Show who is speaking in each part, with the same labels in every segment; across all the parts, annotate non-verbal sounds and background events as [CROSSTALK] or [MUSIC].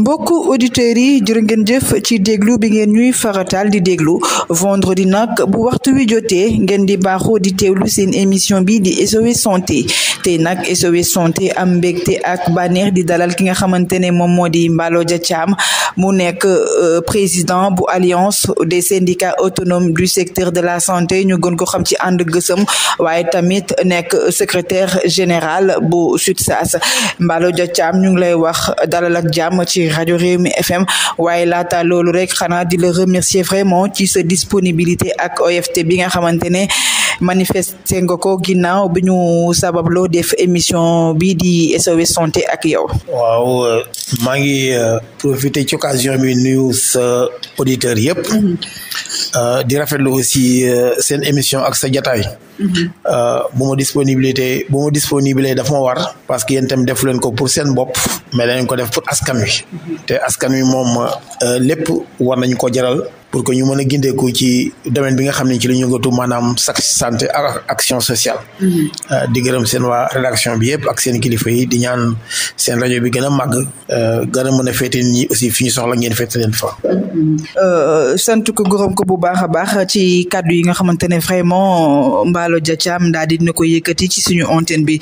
Speaker 1: mbokk auditeurs yi jërë ngeen jëf ci déglu bi ngeen ñuy faratal di déglu vendredi nag bu waxtu wi jotee ngeen di baaxoo di teewlu seen émission bi di SOS santé tey nag SOS santé am mbégte ak bànneex di dalal ki nga xamante ne moom moo di Mballo Dia Thiam mu nekk euh, président bu alliance des syndicats autonomes du secteur de la santé ñu gën ko xam ci ànd gësëm waaye tamit nekk secrétaire général bu SUTSAS mbalo Dia Thiam ñu ngi lay wax dalal ak jàmm ci rajo Rewmi FM waaye laata loolu rek xanaa di la remercier vraiment ci sa disponibilité ak OFT bi nga xamante ne manifesté nga ko ginnaaw bi ñu sababloo def émission bi di SOS santé ak yow. waaw maa ngi euh, profité ci occasion bi nuyu sa auditeurs yëpp. Mm-hmm. Euh, di
Speaker 2: rafetlu aussi euh, seen émission ak sa jataay. Mm-hmm. bu ma disponibilité bu ma disponible dafa ma war parce que yéen itam defu leen ko pour seen bopp mais dañ ko def pour askan wi mm-hmm. te askan wi moom lépp war nañ ko jaral pour que ñu mën a gindeeku ci domaine bi nga xam ne ci la ñu yëngatu maanaam santé action sociale. Mm-hmm. Euh, di gërëm seen waa rédaction bi yëpp ak seen kilifa di ñaan seen rajo bi gën a màgg euh, a mën a féete ñi aussi fi ñu soxla ngeen féete leen fa.
Speaker 1: Mm-hmm. Euh, sant ko gërëm ko bu baax a baax ci kàddu yi nga xamante ne vraiment Mballo Dia Thiam daal di na ko ci suñu antenne bi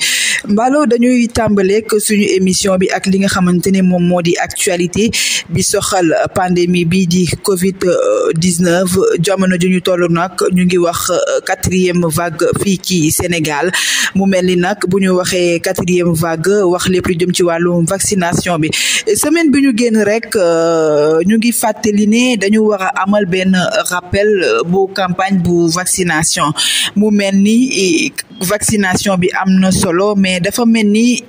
Speaker 1: Mballo dañuy tàmbaleeg suñu émission bi ak li nga xamante ne moom di actualité bi soxal pandémie bi di Covid. dix-neuf jamono ji ñu toll nag ñu ngi wax euh, quatrième vague fii ci Sénégal mu mel ni nag bu ñu waxee quatrième vague wax lépp lu jëm ci wàllum vaccination bi semaine bi ñu génn rek euh, ñu ngi fàttali ne dañu war a amal benn rappel bu campagne bu vaccination mu mel ni euh, vaccination bi am na solo mais dafa mel ni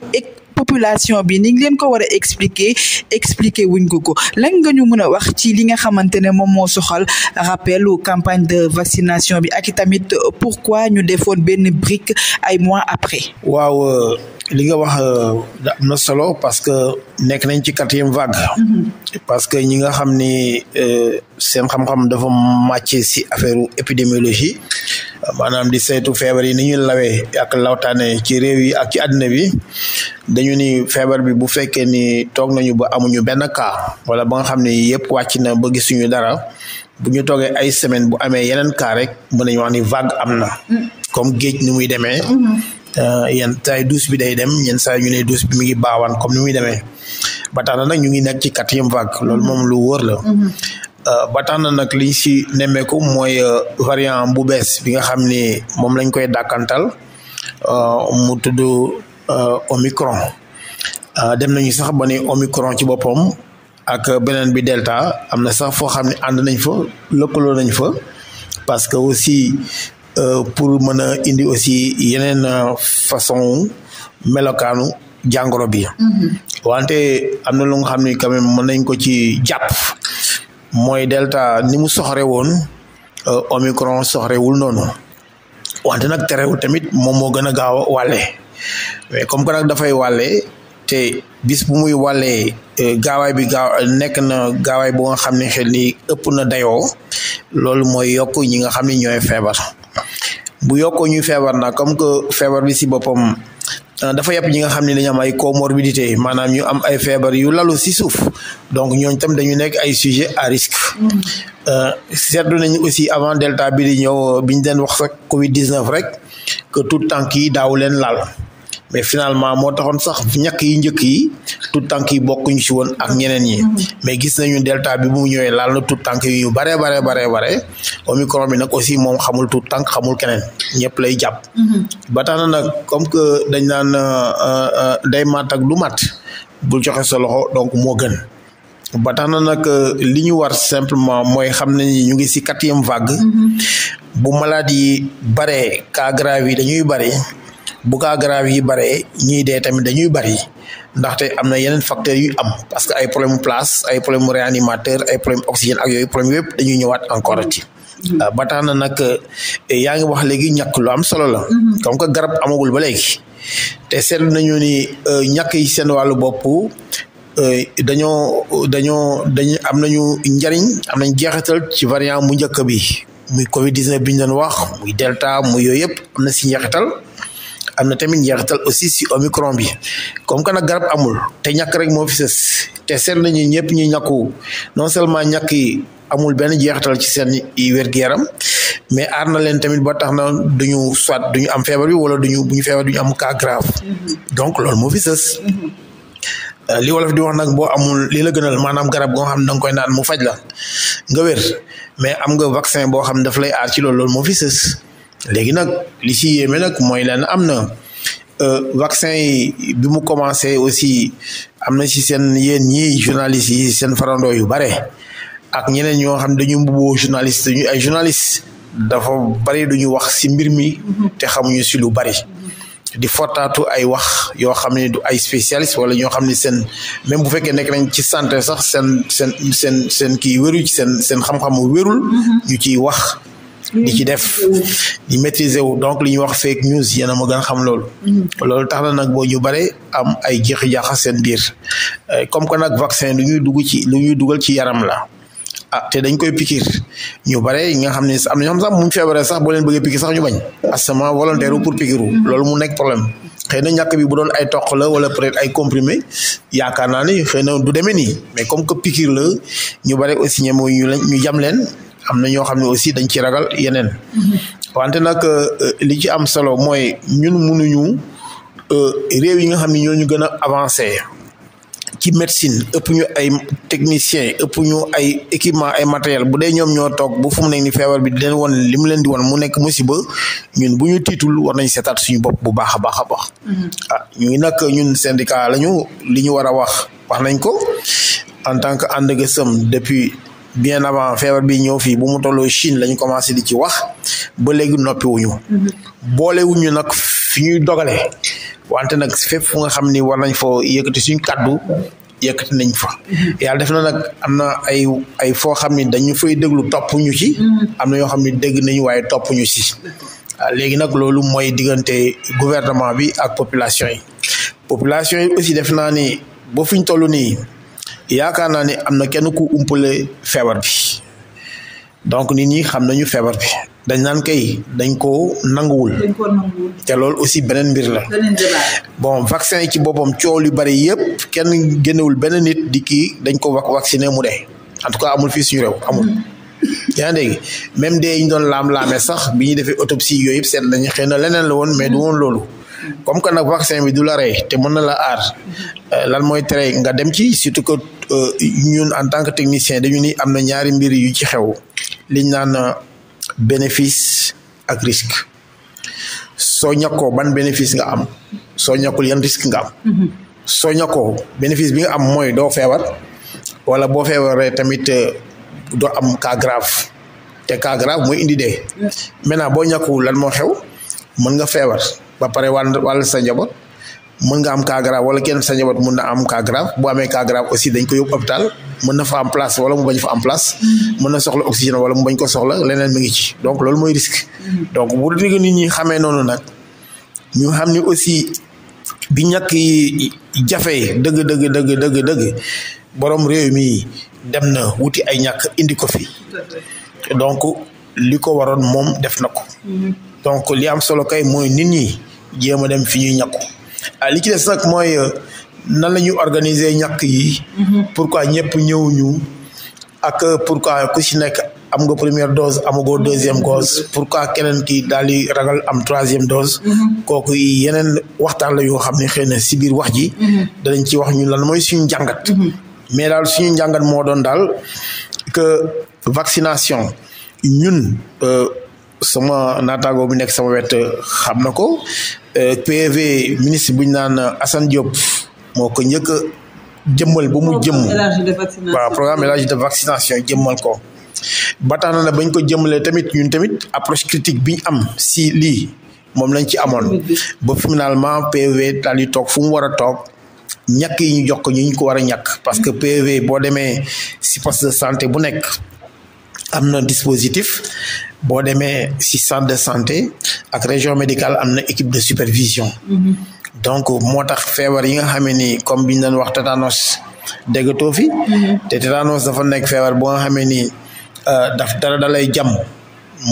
Speaker 1: population bi ni ngi leen ko war a expliquer expliquer wuñ ko ko lan nga ñu mën a wax ci li nga xamante ne moom moo soxal rappelu campagne de vaccination bi ak tamit pourquoi ñu defoon benn brique ay mois après.
Speaker 2: waaw euh, li nga wax euh, am na solo parce que nekk nañ ci quatrième vague. Mm-hmm. parce que ñi nga xam ni euh, seen xam-xam dafa màcce si affaire épidémiologie. maanaam di seetu feebar yi ni ñuy lawee ak lawtaane ci réew yi ak ci àddina bi dañu ni feebar bi bu fekkee ni toog nañu ba amuñu benn cas wala ba nga xam ne yëpp wàcc na ba gisuñu dara bu ñu toogee ay semaine bu amee yeneen cas rek mën nañu wax ni vague am na comme géej ni muy demee euh, yenn saay douze bi day dem yenn saay ñu ne douze bi mu ngi baawaan comme ni muy demee ba tax na nag ñu ngi nekk ci quatrième vague loolu moom lu wóor la Euh, ba tax na nag liñ si nemmeeku mooy euh, variant bu bees bi nga xam ni moom lañ koy dàkkantal euh, mu tudd omicron dem nañu sax ba ni micron ci boppam ak beneen bi delta am na sax foo xam ne ànd nañ fa lëkkaloo nañ fa parce que aussi pour mën a indi aussi yeneen façon melokaanu jàngoro bi
Speaker 3: mm-hmm.
Speaker 2: wante am na lu nga xam ni quand mën nañ ko ci jàpp mooy delta ni mu soxre woon euh, omicron soxrewul noonu wante nag terewul tamit moom moo gën a gaaw a wàlle mais comme que nag dafay wàlle te bis bu muy wàllee euh, gaawaay bi gaaw nekk na gaawaay bu nga xam ne xel ni ëpp na dayoo loolu mooy yokk ñi nga xam ne ñooy feebar bu yokkoo ñuy feebar nag comme que feebar bi si boppam Euh, dafa yàpp ñi nga xam ne dañu am ay comorbidité maanaam ñu am ay feebar yu lalu si suuf donc ñooñ tam dañu nekk ay sujet à risque mm. euh, seetlu nañu aussi avant delta bi di ñëw biñ leen wax rek covid 19 rek que tout tànk yi daaw leen laal mais finalement moo taxoon sax ñàkk yi njëkk yi tout tànk yi bokkuñu ci woon ak ñeneen yi mm-hmm. mais gis nañu delta bi bu mu ñëwee laal na tout tànk yi ñu bare bare bare bare omicron bi nag aussi moom xamul tout tànk xamul keneen ñëpp lay jàpp mm-hmm. ba na nag comme que dañ naan euh, euh, euh, day mat ak du mat bu joxe sa donc moo gën ba na nag li ñu war simplement mooy xam ne ñu ngi si ci quatrième vague mm-hmm. bu malade yi baree cas grave yi dañuy bare bu kaa yi baree ñii dee tamit dañuy bari ndaxte am na yeneen facteurs yu am parce que ay problème place ay problème mu réanimateur ay problème oxygène yooyu problème yëpp dañuy ñëwaat encore ati. Mm-hmm. Euh, ba na nag euh, yaa ngi wax léegi ñàkk lu am solo la. Mm-hmm. comme garab amagul ba léegi te seetlu nañu ni euh, ñàkk yi seen wàllu boppu dañoo dañoo dañ am nañu njariñ am nañ jeexital ci variant mu njëkk bi muy Covid 19 bi ñu doon wax muy Delta mu yooyu yëpp am na si njeexital am na tamit njeexital aussi si omicron bi comme que nag garab amul te ñàkk rek moo fi te seen na nañu ñëpp ñu ñàkku non seulement ñàkk yi amul benn jeextal ci seen i wér-gu-yaram mais aar na leen tamit ba tax na duñu soit duñu am feebar bi wala duñu bu ñu feebar duñu am cas
Speaker 3: mm-hmm.
Speaker 2: donc loolu moo fi sës mm-hmm. euh, li di wax nag boo amul li la gënal maanaam garab goo xam ne da nga koy naan mu faj la nga wër mais am nga vaccin boo xam ne daf lay aar ci loolu loolu moo fi sës léegi nag li ci yéeme nag mooy lan am na euh, vaccin yi bi mu commencé aussi am na ci seen yéen ñii journalistes yi seen farandoo yu bare ak ñeneen ñoo xam dañu mbubboo journaliste dañu ay journaliste dafa du duñu wax ci mbir mi te xamuñu si lu bari di fottaatu ay wax yoo xam ne du ay spécialiste wala ñoo xam ne seen même bu fekkee nekk nañ ci santé sax seen seen seen seen kii wéru ci seen seen xam-xamu wérul mm-hmm. ñu ci wax
Speaker 3: di ci def
Speaker 2: di maîtriser wu donc li ñuy wax feek ñu yéen a ma gën xam lool mm-hmm. loolu tax na nag boo ñu bare am ay jeexi jaaxa seen biir euh, comme que nag vaccin lu ñuy dugg ci lu ñuy dugal ci yaram la. ah te dañ koy pikiir ñu bare ñi nga xam ne am na ñoo xam sax muñ feebaree sax boo leen bëggee pikiir sax ñu bañ astement volontaire pour pikiru mm-hmm. loolu mu nekk problème xëy na ñàkk bi bu doon ay toq la wala peut-être ay comprimé yaakaar naa ne xëy na du demee nii mais comme que pikiir la ñu bare aussi ñeme ñu ñu jam leen am na ñoo xam ne aussi dañ ci ragal yeneen wante nag euh, li ci am solo mooy ñun mu mënuñu euh, réew yi nga xam ne ñoo ñu gën a avancé ci médecine ëpp ñu ay technicien ëpp ñu ay équipement ay matériel bu dee ñoom ñoo toog bu fu mu nekk ni feebar bi di leen woon li mu leen di woon mu nekk musiba ñun bu ñu tiitul war nañ setat suñu bopp bu baax a baax a baax mm-hmm. ah ñu ngi nag ñun syndicat lañu li ñu war a wax wax nañ ko en tant que And Gueusseum depuis bien avant feebar bi ñëw fii bu mu tolloo Chine lañ commencé di ci wax ba léegi noppiwuñu
Speaker 3: mm-hmm.
Speaker 2: boolewuñu nag fi ñuy dogalee wante nag fépp fu nga xam ni war nañ foo yëkkati suñ kàddu yëkkati nañ fa mm-hmm. yàlla def na nag am na ay ay foo xam ni dañu fay déglu topp ñu ci mm-hmm. am na yoo xam ni dégg nañu waaye topp ñu ci ah, léegi nag loolu mooy diggante gouvernement bi ak population yi population yi aussi def naa ni ba fi ñu toll nii yaakaar naa ni am na kenn ku umpale feebar bi donc nit ñi xam nañu feebar bi dañ naan kay dañ ko nanguwul te loolu aussi beneen mbir la bon vaccin yi ci boppam coow yu bari yëpp kenn génnewul beneen nit di kii dañ ko vacciné mu de en tout amul fii suñu réew amul mm. yaa ngi dégg même dee ñu doon laam-laamee sax bi ñuy defee autopsie yooyu yëpp seet nañu xëy na leneen la woon mais du woon loolu comme que nag vaccin bi du la rey te mën na la aar euh, lan mooy tere nga dem ci surtout que euh, ñun en tant que technicien dañu ni am na ñaari mbir yu ci xew liñ naan euh, bénéfice ak risque soo ñàkkoo ban bénéfice nga am soo ñàkkul yan nga am mm-hmm. soo ñàkkoo bénéfice bi nga am mooy doo feebar wala boo feebaree tamit doo am cas grave te cas grave mooy indi dee maintenant boo ñàkkuwul lan moo xew mën nga feebar ba pare wàll wàll sa njaboot mën nga am cas grave wala kenn sa njaboot mën na am cas grave bu amee cas grave aussi dañ ko yóbbu opital mën na fa am place wala mu bañ fa am place mm-hmm. mën na soxla oxygène wala mu bañ ko soxla leneen mi ngi ci donc loolu mooy risque mm-hmm. donc bu dégg nit ñi xamee noonu nag xam ni aussi bi ñàkk yi jafee dëgg réew mi dem na wuti ay ñàkk indi ko fi donc li ko waroon moom def na ko mm-hmm. donc li am solo kay mooy nit ñi jéem a dem fi ñuy ñàkku ah li ci des nag mooy euh, nan la ñuy organiser ñàkk yi. Mm-hmm. pourquoi ñëpp ñëwuñu ak pour euh, pourquoi ku si nekk am nga première dose amagoo deuxième dose mm-hmm. pourquoi keneen ki daal di ragal am troisième dose. Mm-hmm. kooku yeneen waxtaan la yoo xam ne xëy na si biir wax ji. danañ ci wax ñu lan mooy suñu jàngat. mais daal suñu njàngat moo doon daal que vaccination ñun. Euh, sama naataango bi nekk sama wet xam na ko euh, PV ministre bu ñu naan Assane Diop moo ko njëkk a jëmmal ba mu jëmm
Speaker 1: waaw programme élargi de
Speaker 2: vaccination jëmmal ko ba tax na na bañ ko jëmmalee tamit ñun tamit approche critique bi ñu am si lii moom lañ ci amoon ba finalement PV daal di toog fu mu war a toog ñàkk yi ñu jox ko ñu ñu ko war a ñàkk parce que PV boo demee si poste de santé bu nekk am na dispositif boo demee ci centre de santé ak région médical am na équipe de supervision mhm. donc moo tax feebar yi nga xamee ni comme biñ doon wax tétanos déggatoo fi mhm. te tétanos dafa nekk feebar boo nga xamee ni euh, daf dara dalay jàmm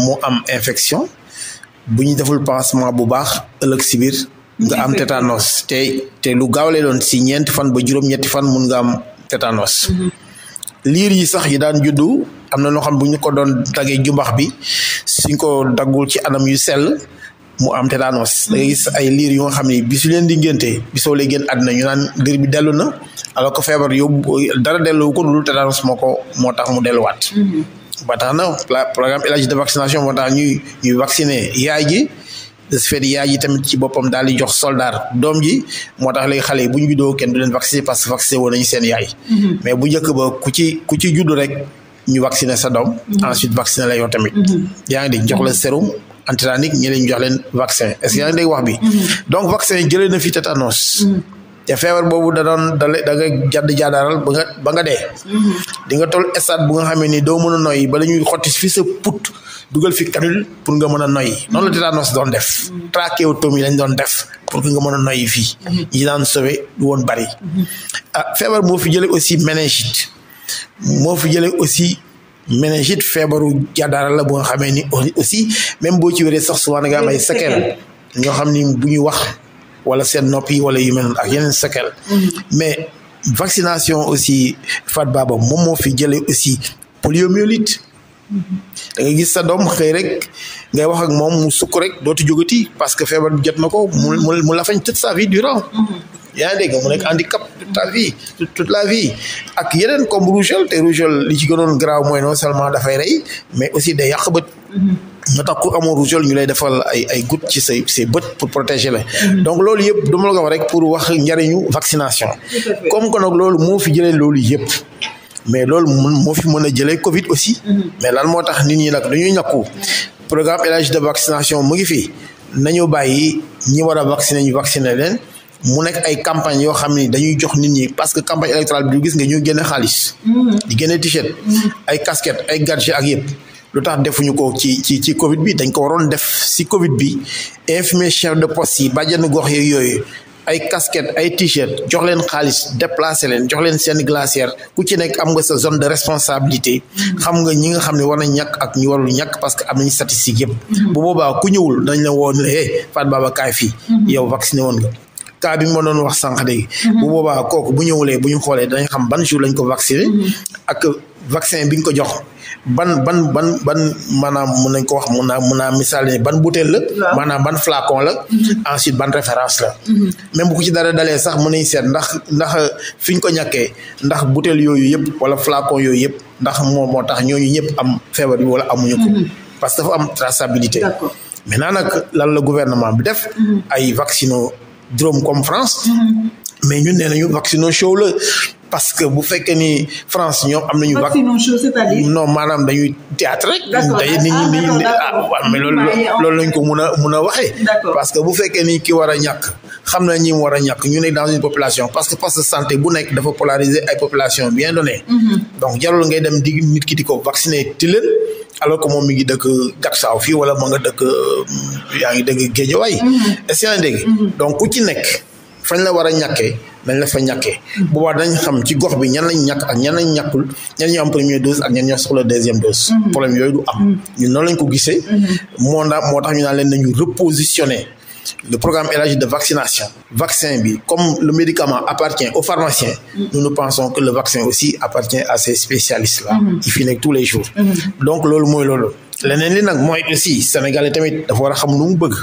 Speaker 2: mu am infection bu ñu deful pansement bu baax ëllëg si biir nga am tétanos te te lu gaaw lay doon si ñeent fan ba juróom-ñetti fan mun nga am tétanos mhm. liir yi sax yi daan juddu am na loo xam bu ñu ko doon daggee jumbax bi suñ ko daggul ci anam yu sell mu am tétanos da ngay gis ay liir yu nga xam ne bisu leen di ngénte bisoo lay génn àddina ñu naan liir bi dellu na alors que feebar yóbbu dara dellu ko dul tétanos moo ko moo tax mu delluwaat. Mm-hmm. ba tax na programme élargi de vaccination moo tax ñuy ñuy vacciner yaay ji. de ce fait yaay yi tamit ci boppam daal di jox soldaar doom ji moo tax léegi xale bu ñu juddoo kenn du leen vacciner parce que vacciner woon nañu seen yaay. Mm-hmm. mais bu njëkk ku ci juddu rek ñu vacciner sa doom. Mm-hmm. ensuite vacciner la yow tamit. Mm-hmm. yaa ngi di jox la sérum antiranique ñi leen jox leen vaccin est ce yaa ngi dégg wax bi. donc vaccin jëlee na fi tétanos. te feebar boobu da doon da nga jadd jaadaaral ba nga ba nga dee mm-hmm. di nga toll stade bu nga xamee ni doo mën a noyyi ba la ñuy xotti fi sa put dugal fi canule pour nga mën a noy mm-hmm. noonu la tétanos doon def mm-hmm. trachéotomie lañ doon def pour que nga mën a noyyi fii ñi daan sauvé du woon bari ah feebar moo fi jële aussi méningite moo fi jële aussi méningite feebaru jaadaaral la bu nga xamee ni aussi même boo ci wéree sax souvent nga am ay séquelles [LAUGHS] ñoo xam ni bu ñu wax wala seen nopp yi wala yu mel noonu ak yeneen séquelles mm-hmm. mais vaccination aussi Fat Baba moom moo fi jële aussi poliomyélite
Speaker 3: mm-hmm.
Speaker 2: da nga gis sa doom xëy rek ngay wax ak moom mu sukk rek dootu jógati parce que feebar bi jot na ko mu mu la fañ toute sa vie durant mm-hmm. yaa ngi dégg mu nekk handicap toute la vie la vie ak yeneen comme rougeole te rougeole li ci gënoon graaw mooy non seulement dafay rey mais aussi day yàq bët. nga tax ku amoon rougeole ñu lay defal ay ay gouttes ci say say bët pour protéger la donc loolu yëpp dama ko wax rek pour wax njariñu vaccination comme que nag loolu moo fi jëlee loolu yëpp mais loolu moo fi mën a jëlee covid aussi mais lan moo tax nit ñi nag dañuy ñakku programme élargi de vaccination mu ngi fi nañu bàyyi ñi war a vacciner ñu vacciner leen mu nekk ay campagne yoo xam ni dañuy jox nit ñi parce que campagne électorale bi du gis nga ñuy génne xaalis mm-hmm. di génne t-shirt mm-hmm. ay casquette ay gadget ak yëpp lu tax defuñu ko ci ci ci covid bi dañ ko waroon def si covid bi infirmier chef de poste yi bàjjenu gox yeeg yooyu ay casquette ay t-shirt jox leen xaalis déplacé leen jox leen seen glacière ku ci nekk am nga sa zone de responsabilité mm-hmm. xam nga ñi nga xam ne war nañ ñàkk ak ñu warul ñàkk parce que am nañu statistique yëpp bu boobaa ku ñëwul dañ la woon ne eh Fatou fii yow vacciné woon kaa bi ma doon wax sànq léegi. Mhm. bu boobaa kooku bu ñëwulee bu ñu xoolee dañ xam ban jour lañ ko vacciné. Mhm. ak vaccin bi ñu ko jox. ban ban ban ban maanaam mën nañ ko wax mun naa mun naa misaal ban bouteille la. maanaam ban flacon la. Mhm. ensuite ban référence la. même bu ko ci dara dalee sax mun nañ seet ndax ndax fi ñu ko ñàkkee ndax bouteille yooyu yëpp wala flacon yooyu yëpp ndax moo moo tax ñooñu ñëpp am feebar bi wala amuñu ko. parce que dafa am traçabilité. d'accord maintenant nag lan la gouvernement bi def. ay vaccino juróom comme France
Speaker 3: mm-hmm.
Speaker 2: mais ñun neen nañu vaccino show la parce que bu fekkee nii France ñoom am nañu. vaccino show c'est-à-dire non maanaam dañuy théâtre rek. d'accord dañuy nit ñi nit ñi ah, ah mais loolu loolu lañ ko mun a mun a waxee. parce que bu fekkee ni ki war a ñàkk. xam naa ñi mu war a ñàkk ñu ne dans une population parce que poste santé bu nekk dafa polariser ay population bien donné. Mm-hmm. donc jarul ngay dem di nit ki di ko vacciner ti leen. alors que moom mi ngi dëkk Gaksaaw fii wala ma nga dëkk euh, yaa ngi dégg Géejawaay mm-hmm. est-ce que dégg mm-hmm. donc ku ci nekk fañ la war a ñàkkee nañ la fa ñàkkee mm-hmm. boobaa dañ xam ci gox bi ñan lañ ñàkk ak ñan lañ ñàkkul ñan ñoo am première dose ak ñan ñoo soxla deuxième dose problème yooyu du am ñun noonu lañ ko gisee moo moo tax ñu naan leen nañu repositionner le programme élargi de vaccination vaccin bi comme le médicament appartient aux pharmaciens mm-hmm. nous nous pensons que le vaccin aussi appartient à ces spécialistes là yi mm-hmm. fi nekk tous les jours mm-hmm. donc loolu mooy loolu leneen li nag mooy aussi sénégalais tamit dafa war a xam lu mu bëgg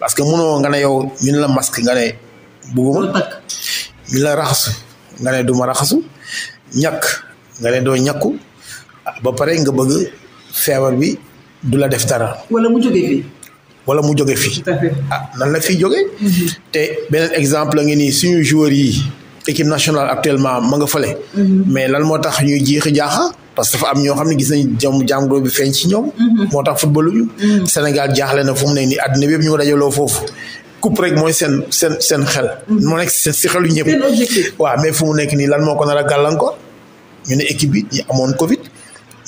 Speaker 2: parce que mënoo nga ne yow ñu ne la masque nga ne bëgguma ñu la raxasu nga ne ma raxasu ñàkk nga ne doo ñàkku ba pare nga bëgg feebar bi du la def dara wala mu jóge fii ah nan la fii jóge mhm. te beneen exemple la ngi nii suñu joueurs yi équipe nationale actuellement ma nga fële mhm. mais lan moo tax ñuy jiixi jaaxa parce que dafa am ñoo xam ne gis nañ jam jàngoro bi feeñ ci ñoom mhm. moo tax football ñu Sénégal jaaxle na fu mu ne nii àddina bi yëpp ñu ko dajaloo foofu coupe rek mooy seen seen seen xel moo nekk si xelu ñëpp waaw mais fu mu nekk nii lan moo ko nar a gàllankoor ñu ne équipe yi ñu amoon Covid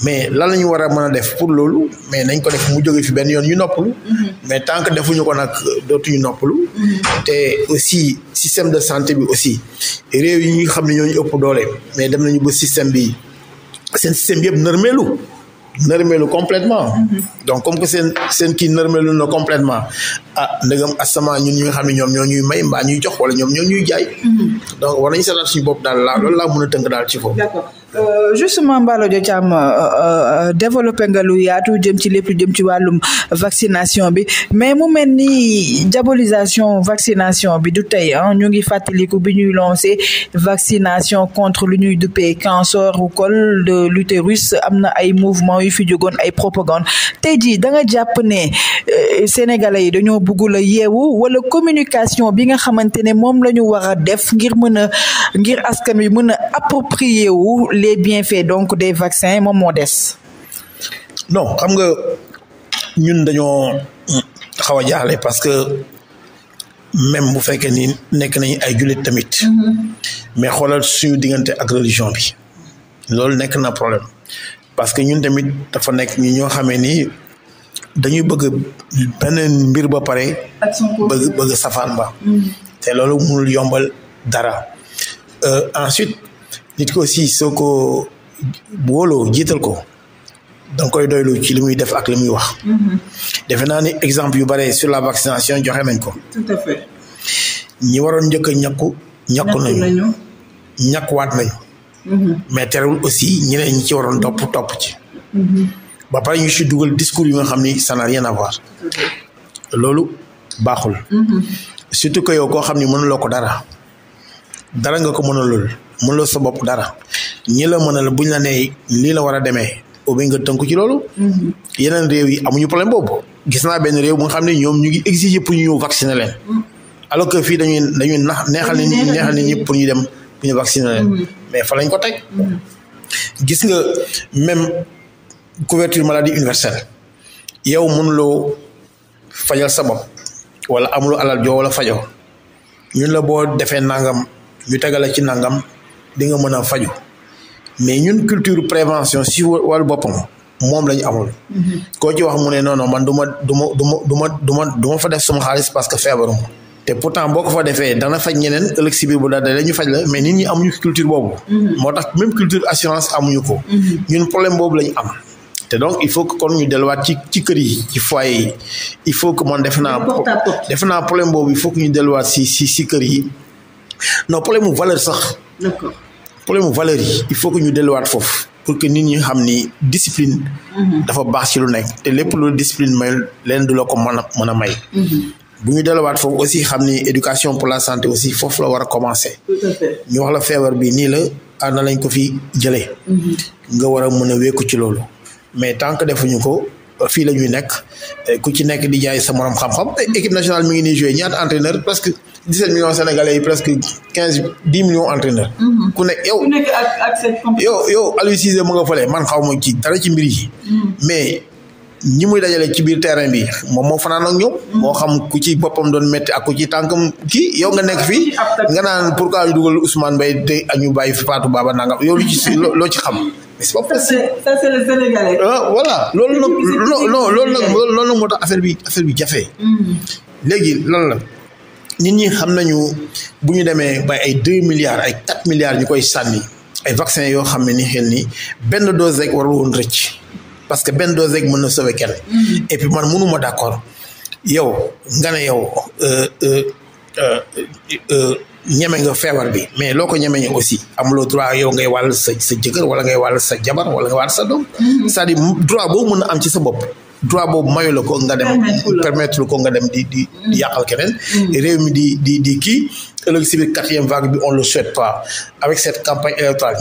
Speaker 2: mais lan la ñu war a mën a def pour loolu mais nañ ko def mu jóge fi benn yoon ñu noppalu. Mm-hmm. mais tant que defuñu ko nag dootuñu noppalu. Mm-hmm. te aussi système de santé bi aussi réew yi ñu xam ne ñoo ñu ëpp doole mais dem nañu ba système bi seen système bi yëpp nërmeelu nërmeelu complètement mm-hmm. donc comme que seen seen kii nërmeelu na complètement ah ndegam asama ñun ñi nga xam ne ñoom ñoo ñuy may mbaa ñuy jox wala ñoom ñoo ñuy jaay. donc war nañu seetaat suñu bopp daal laa loolu laa mun a tënk daal ci foofu. d'accord.
Speaker 1: Euh, justement Mballo Thiam euh, euh, développé nga lu yaatu jëm ci lépp jëm ci wàllum vaccination bi mais mu mel ni diabolisation vaccination bi du tey ñu ngi fàttaliku bi ñuy lancé vaccination contre lu ñuy duppee cancer du col de l'utérus am na ay mouvement yu fi jógoon ay propagande tey jii da nga jàpp ne sénégalais yi dañoo bëggul a yeewu wala communication bi nga xamante ne moom la ñu war a def ngir mën a ngir askan wi mën a approprier les bienfaits donc des vaccins moom moo des. non xam nga
Speaker 2: ñun dañoo xaw a jaaxle parce que même bu fekkee ni nekk nañ ay jullit tamit. Mm-hmm. mais xoolal suñu diggante ak religion bi. loolu nekk na problème parce que ñun tamit dafa nekk ñu ñoo xamee ni dañuy bëgg benn mbir ba pare. bëgg bëgg safaan ba. Mm-hmm. te loolu mënul yombal dara euh, ensuite. nit ko aussi soo ko wóoloo jiital ko danga koy doylu ci li muy def ak li muy wax. Mm-hmm. defe naa ni exemple yu bare sur la vaccination joxe nañ ko. tout ñi waroon njëkk a ñàkku. ñàkku nañu waat nañ mm-hmm. mais terewul aussi ñeneen ñi ci waroon topp topp ci. Mm-hmm. ba pare ñu ci dugal discours yu nga xam ni ça n'a rien à loolu baaxul. surtout que yow koo xam ni mënuloo ko dara dara nga ko mënalul. mënuloo sa bopp dara ñi la mënal buñ la nee lii la war a demee obi nga tënku ci loolu. Mm-hmm. yeneen réew yi amuñu problème boobu. gis naa benn réew bu nga xam ne ñoom ñu ngi exiger pour ñu ñëw vacciner leen. Mm-hmm. alors que fii dañuy dañuy nax neexal nit ñi neexal nit ñi pour ñu dem pour ñu vacciner leen. Mm-hmm. mais fa lañ ko teg. gis nga même couverture maladie universelle yow mënuloo fajal sa wala amuloo alal joo wala fajoo ñun la boo defee nangam ñu tegale ci nangam. di nga mën a faju mais ñun culture prévention si wàllu boppam moom la ñu amul. Mm-hmm. koo ci wax mu ne non man du ma du ma du ma du ma du ma fa def sama xaalis parce que feebaruma te pourtant boo ko fa defee dana faj ñeneen ëllëg si biir bu daal dañu faj la mais nit ñi amuñu culture boobu. Mm-hmm. moo tax même culture assurance amuñu ko. Mm-hmm. ñun problème boobu la ñu am. te donc il faut que kon ñu delluwaat ci ci kër yi ci foyer yi il faut que man defe naa. defe naa problème boobu il faut que delluwaat si si si kër yi non problème mu sax. problème valeur yi il faut que ñu delluwaat foofu pour que nit ñi xam ni discipline. Mhm. dafa baax ci lu nekk te lépp lu discipline may leen du la ko mën a mën a may. Mhm. bu ñu delluwaat foofu aussi xam ni éducation pour la santé aussi foofu la war a commencer. ñu wax la feebar bi nii la ah, ana lañ ko fi jëlee. Mhm. nga war a mën a wékku ci loolu mais tant que defuñu ko. fii la ñuy nekk eh, ku ci nekk di jaay sa moroom xam-xam eh, équipe nationale mi ngi nii joué ñaata entraîneur presque dix sept millions sénégalais yi presque quinze dix millions entraîneur mm-hmm. ku nekk yow yow yow Aliou Cissé nga fële man xaw ma ci dara ci mbir yi. Mm-hmm. mais ñi muy dajale ci biir terrain bi moom moo fanaan ak ñoom. Mm-hmm. moo xam ku ci boppam doon métti ak ku ci tànkam kii yow nga nekk fi nga naan pour ñu dugal Ousmane Mbaye te ñu bàyyi Fatou Baba nangam yow lu ci loo ci xam. mais c'est pas possible
Speaker 1: ça c'est le sénégalais. Euh, voilà loolu moo
Speaker 2: tax affaire bi affaire bi jafe. Hmm. léegi lan la nit ñi xam nañu bu ñu demee bay ay deux milliards ay quatre milliards ñu koy sànni ay vaccin yoo xam ne ni xel ni benn dose rek warul woon rëcc parce que benn dose rek mën na sauver kenn. Hmm. et man mënuma d'accord yow nga ne yow. Euh, euh, ñeme nga feebar bi mais loo ko ñeme ñu aussi amuloo droit yow ngay wàll sa sa jëkkër wala ngay wàll sa jabar wala ngay wàll sa doom mm-hmm. c'est-à-dire droit boobu mën a am ci sa bopp droit boobu mayu la nga dem permettre ko nga dem di di di mm-hmm. yàqal keneen mm-hmm. réew mi di di di kii ëllëg si biir quatrième vague bi on le souhaite pas avec cette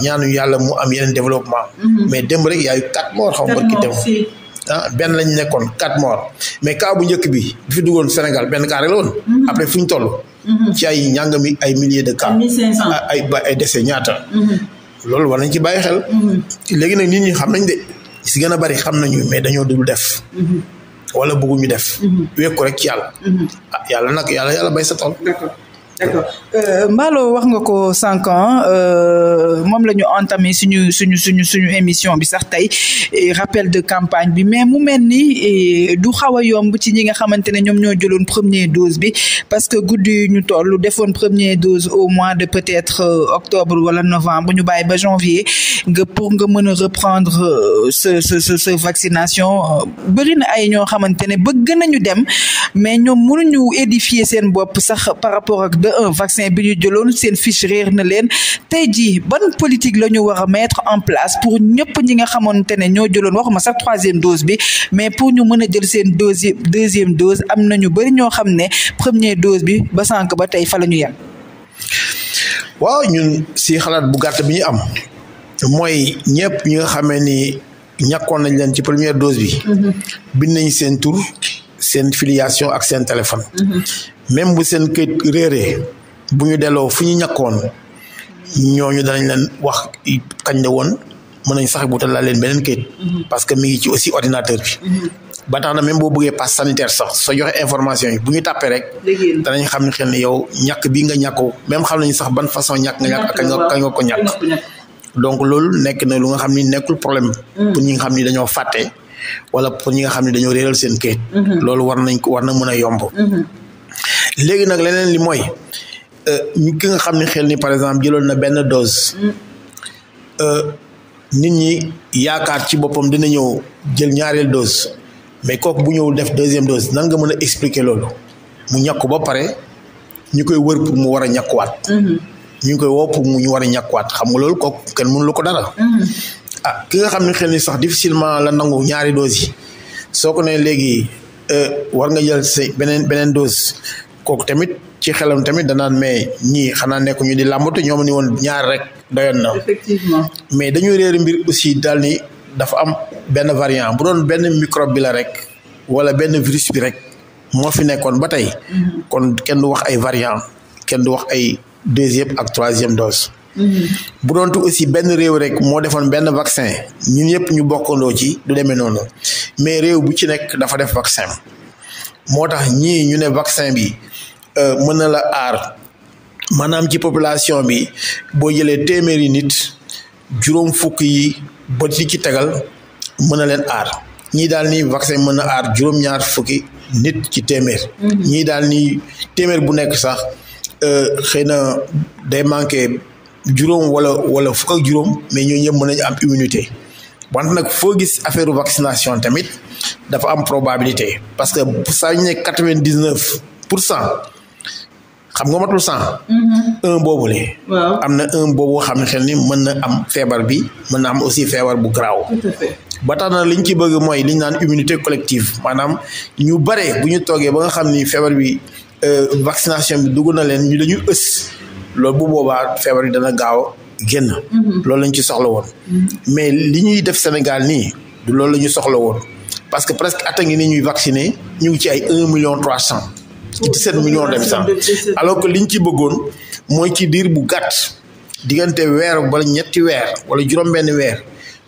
Speaker 2: yàlla mu am yeneen développement mais dem rek yaayu quatre morts xaw ma ki dem ah benn lañ nekkoon quatre morts mais cas bu njëkk bi bi fi duggoon Sénégal benn cas rek la woon après fu ñu toll Mm-hmm. ci ay ñàngami ay milliers de cas. ay ba ay décès ñaata. Mm-hmm. loolu war nañ ci bàyyi xel.
Speaker 3: Mm-hmm.
Speaker 2: léegi nag nit ñi xam nañ de si gën a bari xam nañu mais dañoo dul def. wala bëgguñu def. wekku rek ci yàlla. Ah, yàlla nag yàlla yàlla bay sa tool. d'accord.
Speaker 1: d'accord euh, Mballo wax nga ko cinq ans euh, moom lañu ñu entamé suñu suñu suñu suñu émission bi sax tey rappel de campagne bi mais mu mel ni eh, du xaw a yomb ci ñi nga xamante ne ñoom ñoo jëloon première dose bi parce que guddi ñu toll defoon première dose au mois de peut-être euh, octobre wala novembre ñu bàyyi ba janvier nga pour nga mën a reprendre ce ce ce vaccination bëri na ay ñoo xamante ne bëgg nañu dem mais ñoom mënuñu édifier seen bopp sax par rapport ak de un vaccin bi ñu jëloon seen fiche réer na leen tey jii ban politique la ñu war a en place pour ñëpp ñi nga xamante ne ñoo jëloon waxuma sax troisième dose bi mais pour ñu mën a jël seen dose deuxième dose am na ñu bëri ñoo xam ne première dose bi ba sànq ba tey fa la ñu yem.
Speaker 2: waaw ñun si xalaat bu gàtt bi ñu am mooy ñëpp ñu nga xamee ni ñàkkoon nañ leen ci première dose bi.
Speaker 3: Mm-hmm.
Speaker 2: nañ seen tur. seen filiation ak seen téléphone. Mhm. même bu seen këyit réeree bu ñu delloo fu ñu ñàkkoon ñooñu danañ leen wax kañ la woon mën nañ sax bu tal laa leen beneen këyit. Mhm. parce que mi ngi ci aussi ordinateur bi. Mhm. ba tax na même boo bëggee passe sanitaire sax soo joxe information yi bu tàppee rek. danañ xam ne xel ne yow ñàkk bi nga ñàkku même xam nañ sax ban façon ñàkk nga ñàkk ko ñàkk. donc loolu nekk na lu nga xam ni nekkul problème. pour ñi xam ni dañoo fàtte. wala pour ñi nga xam ne dañoo réeral seen kayit. Mhm. loolu war nañ ko war na mën a yomb. Mhm. léegi nag leneen li mooy euh, ñu ki nga xam ne xel ni par exemple jëloon na benn dose. Mhm. Euh, nit ñi yaakaar ci boppam dina ñëw jël ñaareel dose mais kooku bu ñëwul def deuxième dose nan nga mën a expliquer loolu mu ñàkk ba pare ñu koy wër pour mu war a ñàkkuwaat. ñu ngi koy woo pour mu ñu war a ñàkkuwaat xam nga loolu kooku kenn mënu lu ko dara. ah ki nga xam ne xel ni sax difficilement la nangu ñaari doses yi soo ko nee léegi euh, war nga jël si beneen beneen dose kooku tamit ci xelam tamit danaan mais ñii xanaa nekk ñu di làmbatu ñoom ni woon ñaar rek doyoon na. mais dañuy réer mbir aussi daal ni dafa am benn variant bu doon benn microbile rek wala benn virus bi rek moo fi nekkoon ba tey. Mm-hmm. kon kenn du wax ay variant kenn du wax ay deuxième ak troisième dose. bu doon tu aussi benn réew rek moo defoon benn vaccin ñun yëpp ñu bokkandoo ci du demee noonu mais réew bu ci nekk dafa def vaccin moo tax ñii ñu ne vaccin bi euh, mën na la aar maanaam ci population bi boo jëlee téeméeri nit juróom fukk yi ba ci ci tegal mën na leen aar ñii daal ni vaccin mën na aar juróom-ñaar fukki nit ci téeméer. Mhm. ñii daal ni téeméer bu nekk sax euh, xëy na day manqué. juróom wala wala fukk ak juróom mais ñoo ñëpp mën nañu am immunité wante nag foo gis affaire vaccination tamit dafa am probabilité parce que saa ñu ne quatre vingt dix neuf pour cent xam nga matul cent. Mm-hmm. un boobu le am na un boobu xam ne xel ni mën na am feebar bi mën na am aussi feebar bu garaaw. ba tax na li ñu ci bëgg mooy li ñu naan immunité collective maanaam ñu bare bu ñu toogee ba nga xam ni feebar bi euh, vaccination bi dugg na leen ñu dañuy ës. lool bu boobaa feebar yi dana gaaw génn mhm. loolu lañ ci soxla woon mhm. mais li ñuy def Sénégal nii du loolu la ñu soxla woon parce que presque at a ngi ni ñuy vacciné ñu ngi ci ay un million trois cent ci oh, dix-sept millions d'habitants alors que liñ ci bëggoon mooy ci diir bu gàtt diggante weer wala ñetti weer wala juróom-benn weer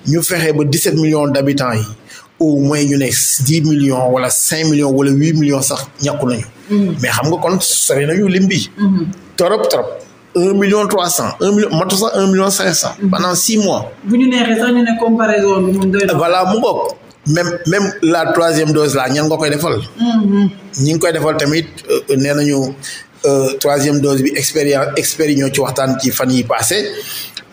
Speaker 2: ñu fexe ba dix-sept millions d'habitants yi au moins ñu ne dix million wala cinq millions wala huit millions sax ñàkku nañu mhm. mais xam nga kon sori nañu lim bi trop trop un million trois cent un million matu sax cinq cent. pendant six mois. bu ñu neexee sax ñu ne comparaison bi moom mu bokk même même la troisième dose la ñan nga koy defool mm-hmm. ñi ngi koy defal tamit euh, nee nañu euh, troisième dose bi expérience expert ñoo ci waxtaan ci fan yi passé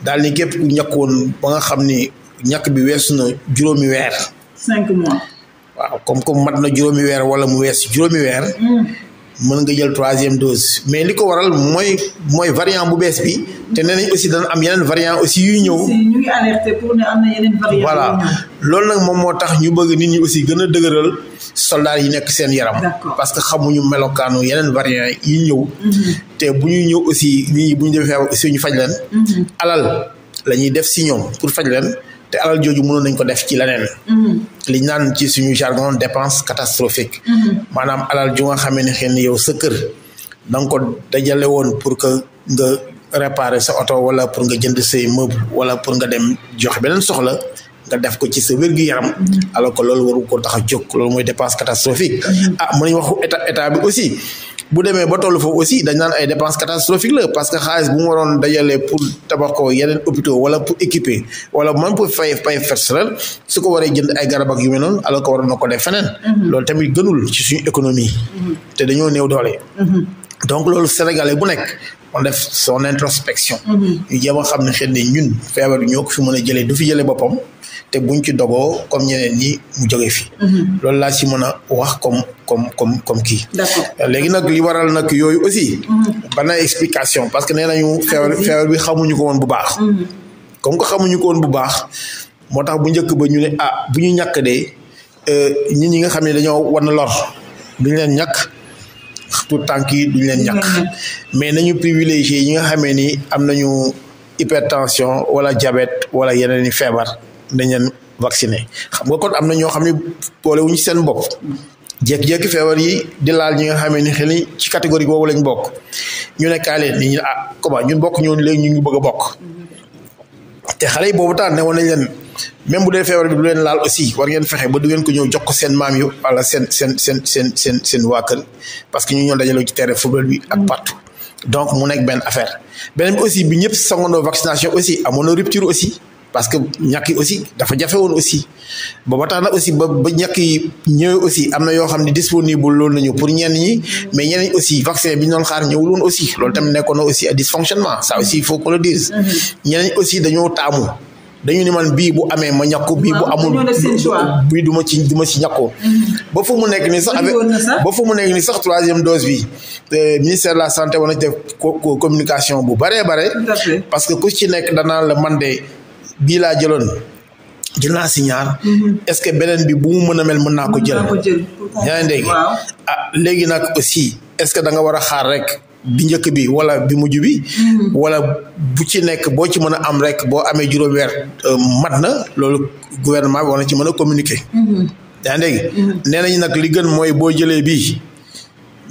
Speaker 2: daal ni képp ku woon ba nga xam ni ñàkk bi weesu na juróomi weer. cinq mois. waaw comme comme mat na juróomi weer wala mu wees juróomi weer. Mm. mën nga jël troisième dose mais li ko waral mooy mooy variant bu bees bi te nee nañ aussi dana am yeneen variant aussi yuy ñëw. ñu
Speaker 1: ngi voilà
Speaker 2: loolu nag moom moo tax ñu bëgg nit ñi aussi gën a dëgëral soldats yi nekk seen yaram. parce que xamuñu melokaanu yeneen variant yi ñëw. Mhm. te bu ñuy ñëw aussi nit bu ñu defee aussi ñu faj leen. Mhm. alal la ñuy def si ñoom pour faj leen. te alal jooju mënoon nañ ko def ci leneen. Mm-hmm. li liñ naan ci suñu jargon dépense catastrophique. Mm-hmm. maanaam alal ju nga xamee ne xëy na yow sa kër da ko dajale woon pour que nga réparer sa oto wala pour nga jënd say meuble wala pour nga dem jox beneen soxla. nga def ko ci sa wér-gu-yaram mm-hmm. alors que loolu waru ko tax a jóg loolu mooy dépense catastrophique ah mën nañu waxu état état bi aussi bu demee ba toll foofu aussi dañ naan ay dépenses catastrophiques la parce que xaalis bu mu waroon dajalee pour tabax ko yeneen hôpitaux wala pour équiper wala même pour fay fay personnel su ko waree jënd ay garab ak yu mel noonu alors que waroon na ko def feneen. Mhm. loolu tamit gënul ci suñu économie. Mhm. te dañoo néew doole. Mhm. donc loolu sénégalais bu nekk. on def son introspection. ñu jéem a xam ne xëy na ñun feebar ñoo ko fi mën a jëlee du fi jëlee boppam. te buñ ci dogoo comme ñeneen mu jóge fi mhm. loolu laa ci mën a wax comme comme comme comme kii léegi nag li waral nag yooyu aussi mhm. bana explication parce que nee nañu ah, feebar feebar bi xamuñu ko woon bu baax mhm. comme que xamuñu ko woon bu baax moo tax bu njëkk ba ñu ne ah bu ñu ñàkk dee euh, ñi ñi nga xam ne dañoo war na lor duñ leen ñakk tout tànk yi duñ leen ñàkk mais nañu privilégié ñi nga xamee ni am nañu hypertension wala jabet wala yeneen i feebar nañ leen vacciné xam nga kon am na ñoo xam ne boole wuñ seen bopp jékki-jékki feebar yi di laal ñi nga xamee ni xel ni ci catégorie boobu lañ bokk ñu ne kaay leen ni ah comment ñun bokk ñoon léegi ñu ngi bëgg a bokk te xale yi boobu taan ne woon leen même bu dee feebar bi du leen laal aussi war ngeen fexe ba du ngeen ko ñëw jox ko seen maam yu wala seen seen seen seen seen seen waa parce que ñu ñoo dajaloo ci terrain football bi ak partout donc mu nekk benn affaire beneen bi aussi bi ñëpp sangandoo vaccination aussi amoon na rupture aussi parce que ñàkk aussi dafa jafe aussi ba ba tax na aussi ba ba ñàkk yi ñëwee aussi am na yoo xam ne disponible loolu nañu pour ñeen ñi mais ñeneen aussi vaccin bi ñu doon xaar ñëwul woon aussi loolu tamit nekkoon na a à dysfonctionnement ça aussi il faut qu'on le dise. Mm-hmm. aussi dañoo taamu. dañu ni man bii bu amee ma ñàkku bii bu amul bii du ma ci du ma ci ñàkkoo
Speaker 3: mm-hmm.
Speaker 2: ba fu mu nekk nii sax avec ba fu mu nekk ni sax troisième dose bi ministère de la santé war na def communication bu baree bare parce que ku ci nekk danaa la man de bii laa jëloon jël naa si ñaar mhm. est-ce que beneen bi bu mën a mel mën naa ko jël
Speaker 3: yaa ngi dégg ah
Speaker 2: léegi nag aussi est-ce que da nga war a xaar rek bi njëkk bi wala bi mujj bi mhm. wala bu ci nekk boo ci mën a am rek boo amee juróom weer euh, mat na loolu gouvernement bi war na ci mën a communiquer mhm. yaa ngi dégg nee nag li gën mooy boo jëlee bii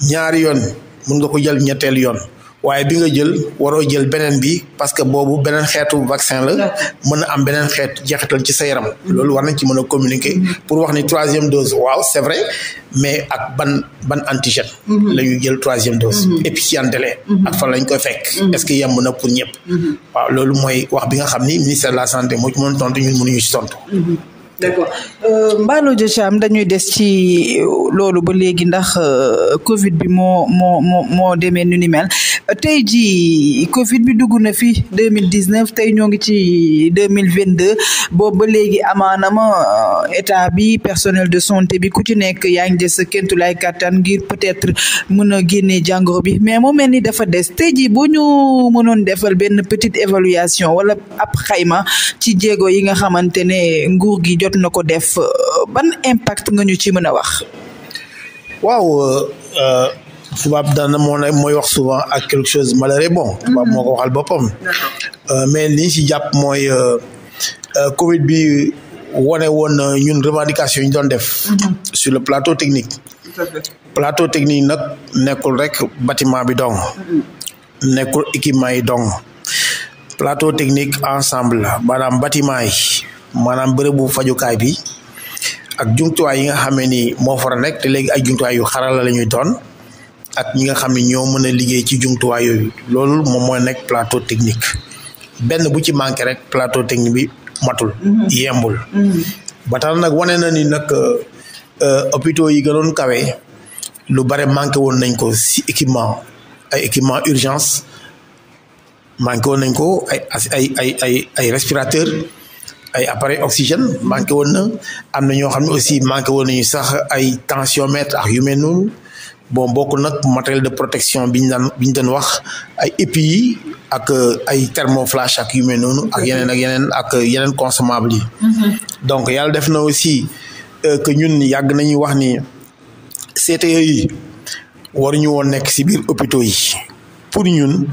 Speaker 2: ñaari yoon mën nga ko jël ñetteel yoon waaye bi nga jël waroo jël beneen bi parce que boobu beneen xeetu vaccin la mën a am beneen xeet jeexital ci sa yaram loolu war nañ ci mën a communiquer pour wax ni troisième dose waaw c'est vrai mais ak ban ban antigène mhm. la ñu jël troisième dose mhm. et puis ci en délai mhm. ak fan lañ koy fekk est-ce que yemb na pour ñëpp waaw loolu mooy wax bi nga xam ni ministère de la santé moo ci mën a tontu ñun mënuñu ci tontu
Speaker 1: d'accord euh, Mballo Dia Thiam dañuy des ci loolu ba léegi ndax euh, Covid bi moo moo moo moo demee nu ni mel euh, tey jii Covid bi dugg na fi deux mille dix neuf tey ñoo ngi ci deux mille vingt deux boobu ba léegi amaana ma état bi personnel de santé bi ku ci nekk yaa ngi des kentu lay kattan ngir peut mën a génne jàngoro bi mais moo mel ni dafa des tey jii boo ñu mënoon defal benn petite évaluation wala ab xayma ci jéego yi nga xamante ne nguur gi. jot na ko def euh, ban impact nga ñu ci mën a wax.
Speaker 2: waaw euh, euh, tubaab daan na mooy wax souvent ak quelque chose malheur bon. Mhm. tubaab moo ko waxal boppam. mais li si jàpp mooy Covid bi wane woon ñun revendication yi ñu doon def. Mhm. sur le plateau technique. plateau technique nag nekkul rek bâtiment bi dong. Mhm. nekkul équipement yi dong. plateau technique ensemble maanaam bâtiment yi. maanaam bërëbu fajukaay bi ak jumtuwaay yi nga xamee ni moo fara nekk te léegi ay jumtuwaay yu xarala la ñuy doon ak ñi nga xam ne ñoo mën a liggéey ci jumtuwaay yooyu loolu moom mooy nekk plateau technique benn bu ci manqué rek plateau technique bi matul. Mhm. yembul. Mhm. ba nag wane na ni nag euh, hôpitaux yi gënoon kawe lu bare manqué woon nañ ko si équipement ay équipement urgence manqué woon nañ ko ay ay ay ay ay respirateur ay appareil oxygène manqué woon na am na ñoo xam ne aussi manqué woon nañu sax ay tensiomètre ak yu mel noonu bon bokk nag matériel de protection bi ñu daan bi ñu doon wax ay épi yi ak euh, ay thermoflash ak yu mel noonu ak yeneen ak yeneen ak yeneen consommable yi mhm. donc yàlla def na aussi euh, que ñun yàgg nañu wax ni CTE yi waruñu woon nekk ci biir hôpitaux yi pour ñun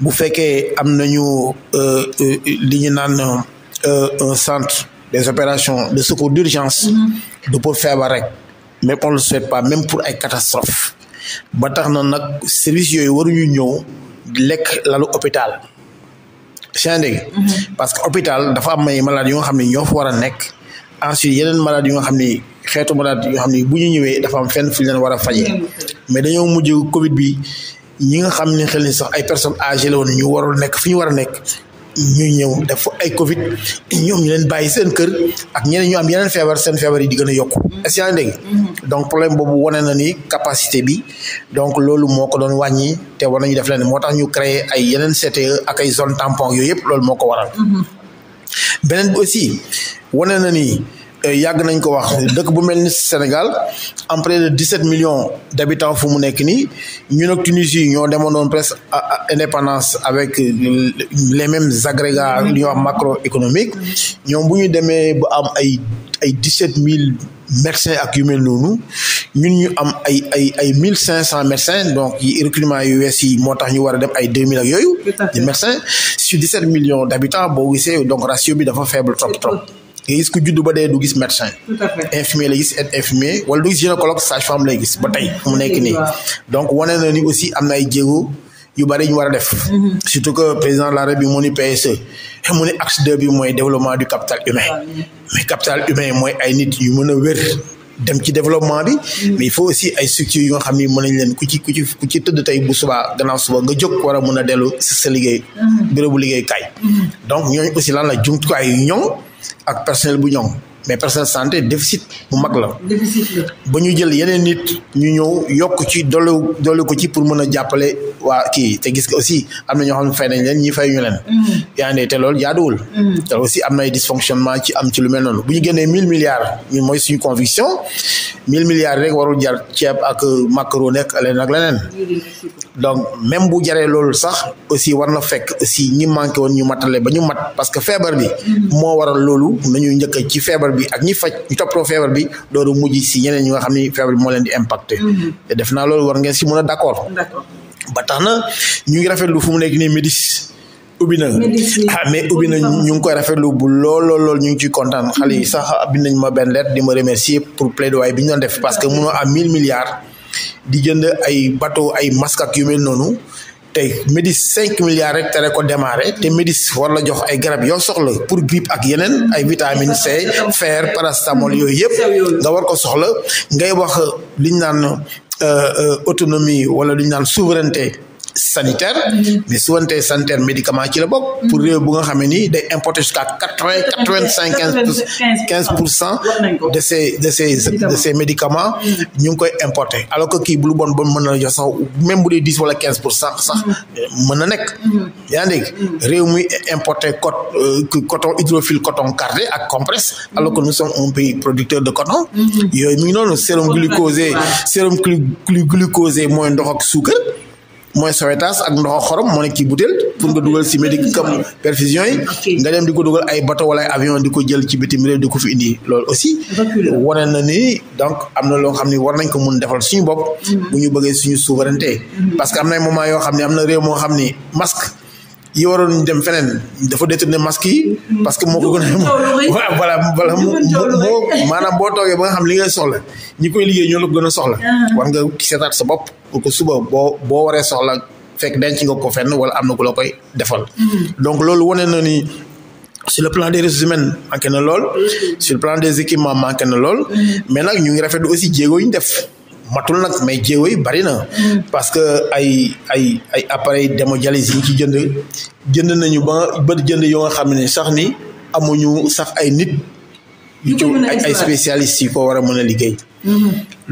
Speaker 2: bu fekkee am nañu euh, li ñu naan Euh, un centre des opérations de secours d'urgence mm-hmm. du pour feebar rek mais on le souhaite pas même pour ay catastrophe ba tax na nag service yooyu waruñu ñëw lekk lalu hôpital chandé mm-hmm. parce que hôpital dafa am may malades yu nga xam ne ñoo fa war a nekk ensuite yeneen malades yu nga xam ne xeetu malade yoo xam ne bu ñu ñëwee dafa am fenn fu leen war a fajee mm-hmm. mais dañoo mujj covid bi ñi nga xam ne xel ni sax ay personnes âgées la woon ñu warul nekk fi ñu war a nekk ñuy ñëw def ay Covid ñoom ñu leen bàyyi seen kër ak ñeneen ñu am yeneen feebar seen feebar yi di gën a yokku. est-ce que yaa ngi
Speaker 3: mm-hmm.
Speaker 2: donc problème boobu wane na ni capacité bi donc loolu moo ko doon wàññi te war nañu def leneen moo tax ñu créer ay yeneen CTE ak ay zone tampon yooyu yëpp loolu moo ko waral. Mm-hmm. beneen bi aussi wane na ni. Euh, yàgg nañ ko wax dëkk bu mel ni Sénégal en près de dix-sept millions d'habitants fu mu nekk nii ñun ak Tunisie ñoo demandoon presque indépendance avec les mêmes agrégats li mm-hmm. ñuy wax macroéconomique ñoom bu ñu demee ba am ay ay dix-sept mille médecins ak yu mel noonu ñun ñu am ay ay ay mille cinq cent médecins donc yi recrutement yu wees yi moo tax ñu war a dem ay deux mille ak yooyu. des médecins boo gisee donc ratio bi dafa faible trop trop. nga gis ku judd ba dee du gis médecin. tout à fait infirmier lay gis aide infirmier wala du gis gynécologue sage femme lay ba tey mu nekk nii. donc wane na ni aussi am na ay jéego yu bari ñu war a def. Mm-hmm. surtout que président de la République mu ni PSE mu ni axe deux bi mooy développement du capital humain. Ah, mais capital humain mooy ay nit yu mën a wér. dem ci développement bi mm-hmm. mais il aussi ay structures yu nga xam ni mën nañ leen ku ci ku ci ku ci tëdd tey bu suba gannaaw suba nga jóg war a mën a dellu sa liggéey mm-hmm. bérébu liggéeykaay donc ñooñu aussi ak personnel bu ñoom mais personnel santé déficit bu mag la. déficit ba ñu jël yeneen nit ñu ñëw yokk ci dolli dolli ko ci pour mën a jàppale waa kii te gis nga aussi am na ñoo xam ne fay nañ leen ñi fay ñu leen. Mm-hmm. yaa ngi te loolu jaaduwul. Mm-hmm. te aussi am na ay ci am ci lu mel noonu bu ñu génnee mille milliards ñun mooy suñu conviction mille milliards rek warul jar ceeb ak macaroni ak leneen ak leneen. donc même bu jaree loolu sax aussi war na fekk aussi ñi manqué woon ñu matale ba ñu mat parce que feebar bi moo waral loolu na ñu njëkk ci feebar bi ak ñi faj ñu toppatoo feebar bi dooru mujj si ñeneen ñi nga xam ni feebar bi moo leen di impacté mhm. def naa loolu war ngeen si mën a d'accord ba tax na ñu ngi rafetlu fu mu nekk nii Médis ubbi na ah mais ubbi ñu ngi koy rafetlu bu lool lool ñu ngi ciy kontaan xale mhm. sax sax bind nañ ma benn lettre di ma remercier pour plaidoyer bi ñu doon def parce que mënoo am mille milliards di jënd ay bateau ay masque ak yu noonu tey Médis cinq milliards rek tere ko démarré te Médis war jox ay garab yoo soxla pour grippe ak yeneen ay vitamine C fer paracétamol yooyu yëpp nga war ko soxla ngay wax liñ naan euh, euh, autonomie wala liñ naan souveraineté sanitaire mais souveraineté sanitaire médicament ci la bokk. pour réew bu nga xam ne nii day importer jusqu'à quatre vingt quatre vingt cinq quinze pour cent de ces de ces de médicaments ñu ngi koy importer alors que kii bu lu bon bon mën na jox sax même bu dee dix wala quinze pour cent sax mën na nekk. yaa ngi dégg réew muy importer cot euh, coton hydrophile coton cardé ak compresse alors que nous sommes un pays producteur de coton. yooyu mi ngi noonu sérum glucosé sérum glucosé mooy ndox ak suukar. mooy sowetaas ak ndoxu xorom mooy kii ci butéel pour nga dugal si médic comme perfusion yi nga dem di ko dugal ay bateau wala ay avion di ko jël ci bitim réew di ko fi indi loolu aussi wane na ni donc am na loo xam ni war nañ ko mun defal suñu bopp mm. bu ñu bëggee suñu souveraineté mm-hmm. parce que am na ay moment yoo xam ne am na réew moo xam ni masque yi waroon ñu dem feneen dafa détourné masque yi. parce que moo ko gën a. [LAUGHS] voilà voilà moo maanaam boo toogee ba nga xam li ngay soxla ñi koy liggéey ñoo la ko gën a soxla. Uh-huh. war nga seetaat sa bopp pour que suba boo boo waree soxla fekk denc nga ko fenn wala am na ku la defal. Uh-huh. donc loolu wane na ni. sur le plan des ressources humaines manqué na lool. Uh-huh. su le plan des équipements manqué na lool. mais nag ñu ngi rafetlu aussi jéego yi ñu def. matul nag mais jéego yi bari na. Mm. parce que ay ay ay appareils d'hémodialyse yi ñu ci jënd jënd nañu ba jënd yoo nga xam ne sax ni amuñu sax ay nit. yu ci ay spécialistes yi ko war a mën a liggéey.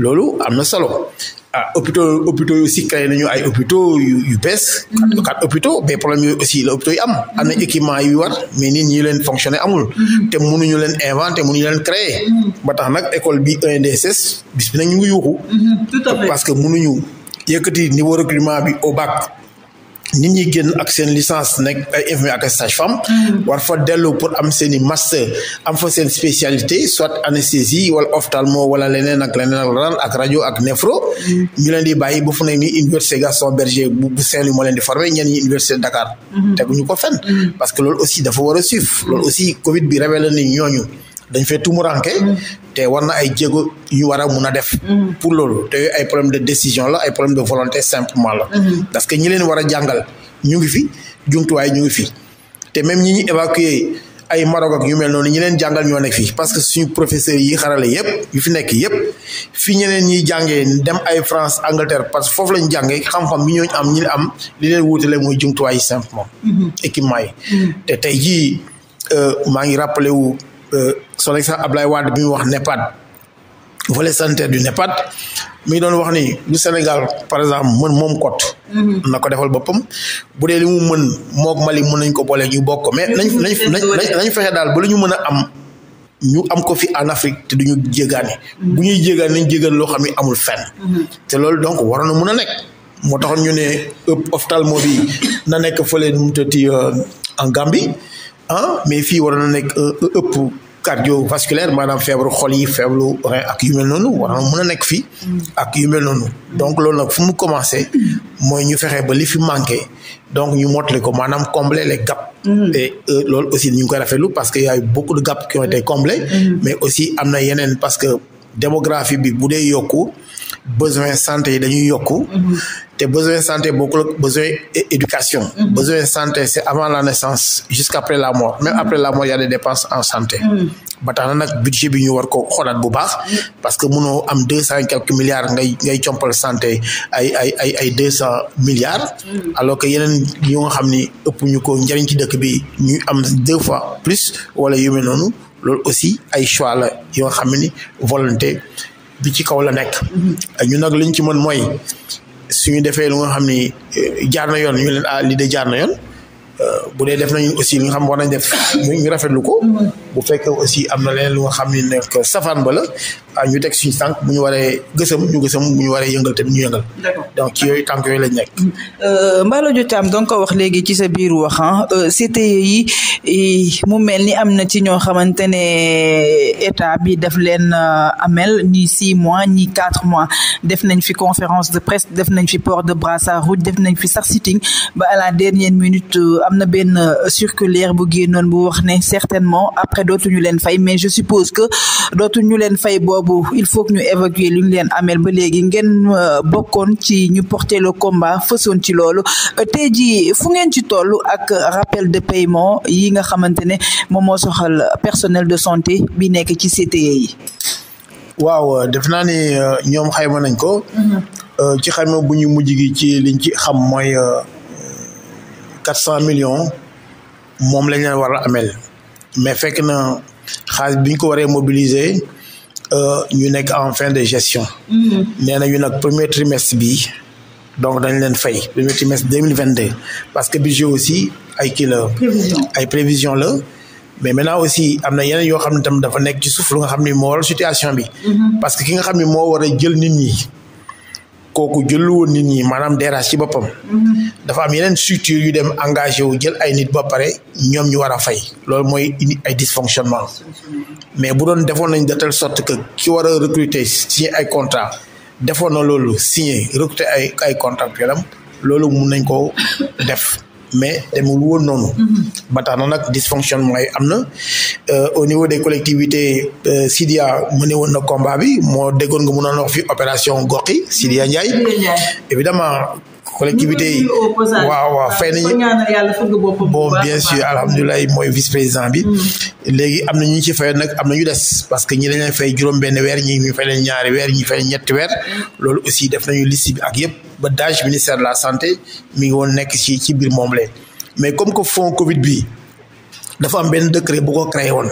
Speaker 2: loolu am na solo ah hôpitaux hôpitaux yi aussi créé nañu ay hôpitaux yu yu bees. Mm-hmm. quatre hôpitaux mais problème yooyu aussi la hôpitaux yi am. am na mm-hmm. équipement yu war mais nit ñi leen fonctionner amul. Mm-hmm. te mënuñu leen inventé mënuñu leen créé. ba tax nag école bi ENDSS bis bi nag ñu ngi yuuxu. tout à fait parce que mënuñu yëkkati niveau recrutement bi au bac. nit ñi génn ak seen licence nekk ay infirmier ak sage-femme mm. war fa dellu pour am seen i master am fa seen spécialité soit anesthésie wala ophtalmo wala leneen ak leneen ak leneen ak rajo ak néphro mm. ñu leen di bàyyi ba fu nekk ni université Gaston Berger bu Saint-Louis leen di former ñenn ñi université Dakar mm-hmm. teguñu ko fenn mm-hmm. parce que loolu aussi dafa war a suivre loolu aussi Covid bi révélé ni ñooñu dañ fee tumuranke mm. te war na ay jéego yu war a mun a def mm. pour loolu te ay problème de décision la ay problème de volonté simplement la mm-hmm. parce que ñi leen war jàngal ñu ngi fi jumtuwaay ñu ngi fi te même ñi ñu évacué ay Maroc yu mel noonu ñi leen jàngal ñoo nekk fii parce que suñu professeurs yi xarale yëpp yu fi nekk yëpp fii ñeneen ñiy jàngee dem ay France Angleterre parce que foofu lañ jàngee xam-xam bi ñooñu am ñi am li leen wuutale mooy jumtuwaay yi simplement mm-hmm. équipement yi mm-hmm. te tey ji euh, maa ngi rappelé wu Euh, son excellence Ablaye Wade bi mu wax NEPAD volet sanitaire du NEPAD mi doon wax ni lu Sénégal par exemple mën moom kot mhm. na ko defal boppam bu dee li mu mën moog Mali mën nañ ko booleeg ñu bokk ko mais nañ nañ nañ fexe daal ba ñu mën a am ñu am ko fi en Afrique te ñu jégaane mhm. bu ñuy jégaane nañ jégaan loo xam ne amul fen mhm. te loolu donc waroon na mën a nekk moo taxoon ñu ne ëpp ophtalmo bi na nekk fële nu mu tëddi euh, en Gambie ah mais fii war na nekk euh, ëpp cardiovasculaire maanaam feebaru xol yi feebaru rein ak yu mel noonu war na mën a nekk fii ak yu mel noonu donc loolu nag fu mu commencé mooy ñu fexe ba li fi manqué donc ñu mottali ko maanaam combler les gaps mm-hmm. et euh, loolu aussi ñu ngi koy rafetlu parce que y a eu beaucoup de gaps mm-hmm. mais aussi am na yeneen parce que démographie bi bu dee yokku besoin santé yi dañuy yokku te besoin santé bokkul ak besoin éducation mhm. besoin santé c'est avant la naissance jusqu'après la mort même mhm. après la mort il y a en santé mhm. ba tax na nag budget bi ñu war ko xoolaat bu baax parce que mënoo am deux cent quelques milliards ngay ngay compal santé ay ay ay ay deux cent milliards alors que yeneen yu nga xam ni ëpp ñu ko njëriñ ci dëkk bi ñu am deux fois plus wala yu mel noonu loolu aussi ay choix la yoo xam ni volonté bi ci kaw la nekk ñu nag liñ ci mën mooy su ñu defee lu nga xam ni eh, jaar na yoon ñu leen ah lii de jaar na yoon eh, bu dee def nañu aussi li nga xam war nañ def ñu rafetlu ko mm-hmm. bu fekkee aussi am na leen lu nga xam ni nekk safaan ba la ah ñu teg suñu tànk bu ñu waree gësam ñu
Speaker 1: gësam bu ñu waree yëngal tamit ñu yëngal. donc ci yooyu tànk yooyu lañ nekk. Mm. Euh, Mballo Dia Thiam donc ko wax léegi ci sa biir waxan ah, euh, CTI e yi mu mel ni am na ci ñoo xamante ne état bi daf leen euh, amel ñi six mois ñi quatre mois def nañ fi conférence de presse def nañ fi port de brassard rouge def nañ fi sax sitting ba à la dernière minute am na benn circulaire bu génnoon bu wax ne certainement après dootuñu leen fay mais je suppose que dootuñu leen fay boobu. boobu il faut que ñu évacuer lu leen ameel ba léegi ngeen euh, bokkoon ci ñu porter le combat ci loolu euh, te jii fu ngeen ci toll ak rappel de paiement yi nga xamante ne moom moo soxal personnel de santé bi nekk ci CTE yi.
Speaker 2: waaw euh, def naa ni ñoom xayma nañ ko. Mhm. ci bu ñu mujj gi ci liñ ci xam mooy quatre cent millions moom lañ leen war a amel mais fekk na xaalis bi ko waree mobiliser. Euh, ñu nekk en fin de gestion. Mhm. nee nañu nag premier trimestre bi donc dañu leen fay premier trimestre deux mille vingt deux parce que budget aussi ay kii la. ay prévision la. mais maintenant aussi am na yeneen yoo xam ne tam dafa nekk ci suuf lu nga xam ni moo situation bi. Mhm. parce que ki nga xam ni moo war a jël nit ñi. kooku jëlu woon nit ñi maanaam DRH ci boppam.
Speaker 3: Mm-hmm.
Speaker 2: dafa am yeneen structure yu dem engagé wu jël ay nit ba pare ñoom ñu war a fay loolu mooy indi ay dysfonctionnement mais bu doon defoon nañ de telle sorte que ki war a si ay contrat defoon na loolu signé recruter ay ay contractuel am loolu mun nañ ko def. mais demul woon noonu. Mm-hmm. ba tax na nag dysfonctionnement yi am na euh, au niveau des collectivités euh, Sidia mëne woon na combat bi moo déggoon nga mënoon wax fi opération gox yi Sidia Ndiaye évidemment collectivité yi waaw waaw fay nañu bon bien sûr alhamdulilah mooy vice président bi mm. léegi am na ñu ci fayoon nag am na ñu des parce que ñi dañ leen fay juróom benn weer ñi ñu fay ñaari weer ñi fay leen weer loolu aussi def nañu liste bi ak yëpp ba dage ministère de la santé mi ngi woon nekk ci ci biir moom la mais comme que fond Covid bi dafa am benn décret bu ko créé woon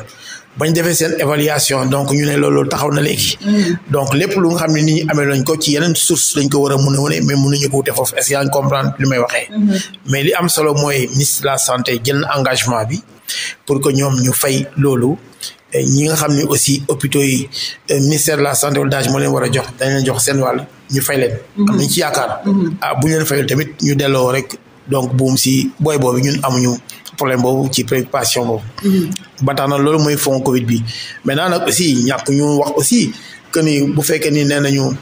Speaker 2: bañ defee seen évaluation donc ñu ne loolu taxaw na léegi. Mm. donc lépp lu nga xam ne nii amee lañ ko ci yeneen source lañ ko war a mën a wane mais mënuñu ko wute foofu est-ce que yaa ngi comprendre li waxee. Mm-hmm. mais li am solo mooy ministre de la santé engagement bi pour que ñoom ñu fay loolu. ñi nga xam ni aussi hôpitaux yi euh, ministère de la santé wala daaj moo leen war a jox dañ leen jox seen wàll ñu fay leen. Mm-hmm. am nañ ci yaakaar. Mm-hmm. ah bu ñu leen fayul tamit ñu delloo rek donc buum si booy boobu ñun amuñu problème boobu ci préoccupation boobu. Mm-hmm. ba na loolu mooy fond Covid bi maintenant nag aussi ñàkk ñu wax aussi que ni bu fekkee ni nee nañu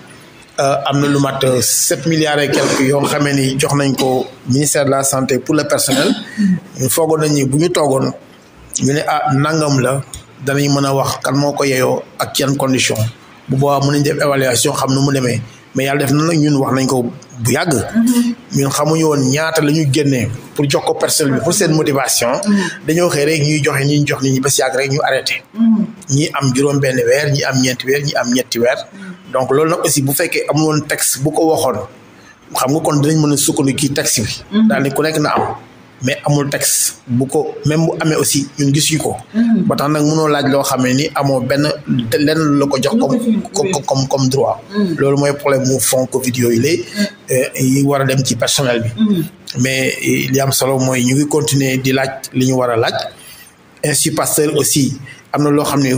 Speaker 2: euh, am na lu mat euh, sept milliards et quelques yoo xamee ni jox nañ ko ministère de la santé pour le personnel.
Speaker 3: Mm-hmm.
Speaker 2: ñu foogoon nañ ni bu ñu toogoon ñu ne ah nangam la danañ mën a wax kan moo ko yeyoo ak yan condition bu boo mën nañ dem évaluation xam nu mu demee. mais yàlla def na nag ñun wax nañ ko bu yàgg. Mm-hmm. ñun xamuñu woon ñaata la ñu génnee pour jox ko personnel bi pour seen motivation. Mm-hmm. dañoo xëy rek ñuy joxe ñi ñu jox nit ñi ba si yàgg ñu arrêté. Mm-hmm. ñi am juróom benn weer ñi am ñeenti weer ñi am ñetti weer. donc loolu na aussi bu fekkee amul woon texte bu ko waxoon xam nga kon dinañ mën a sukkandiku kii texte bi. daal ni ku nekk na am. mais amul tex bu ko même bu amee aussi ñun gisuñu ko. Mhm. ba tax nag mënoo laaj loo xam ne ni amoo benn lenn la ko jox. comme comme comme droit. Mhm. loolu mooy problème mu fond Covid yooyu la mhm. euh, yi war a dem ci personnel bi. mais li am solo mooy ñu ngi continuer di laaj li ñu war a laaj. Institut Pasteur aussi. am na loo xam ne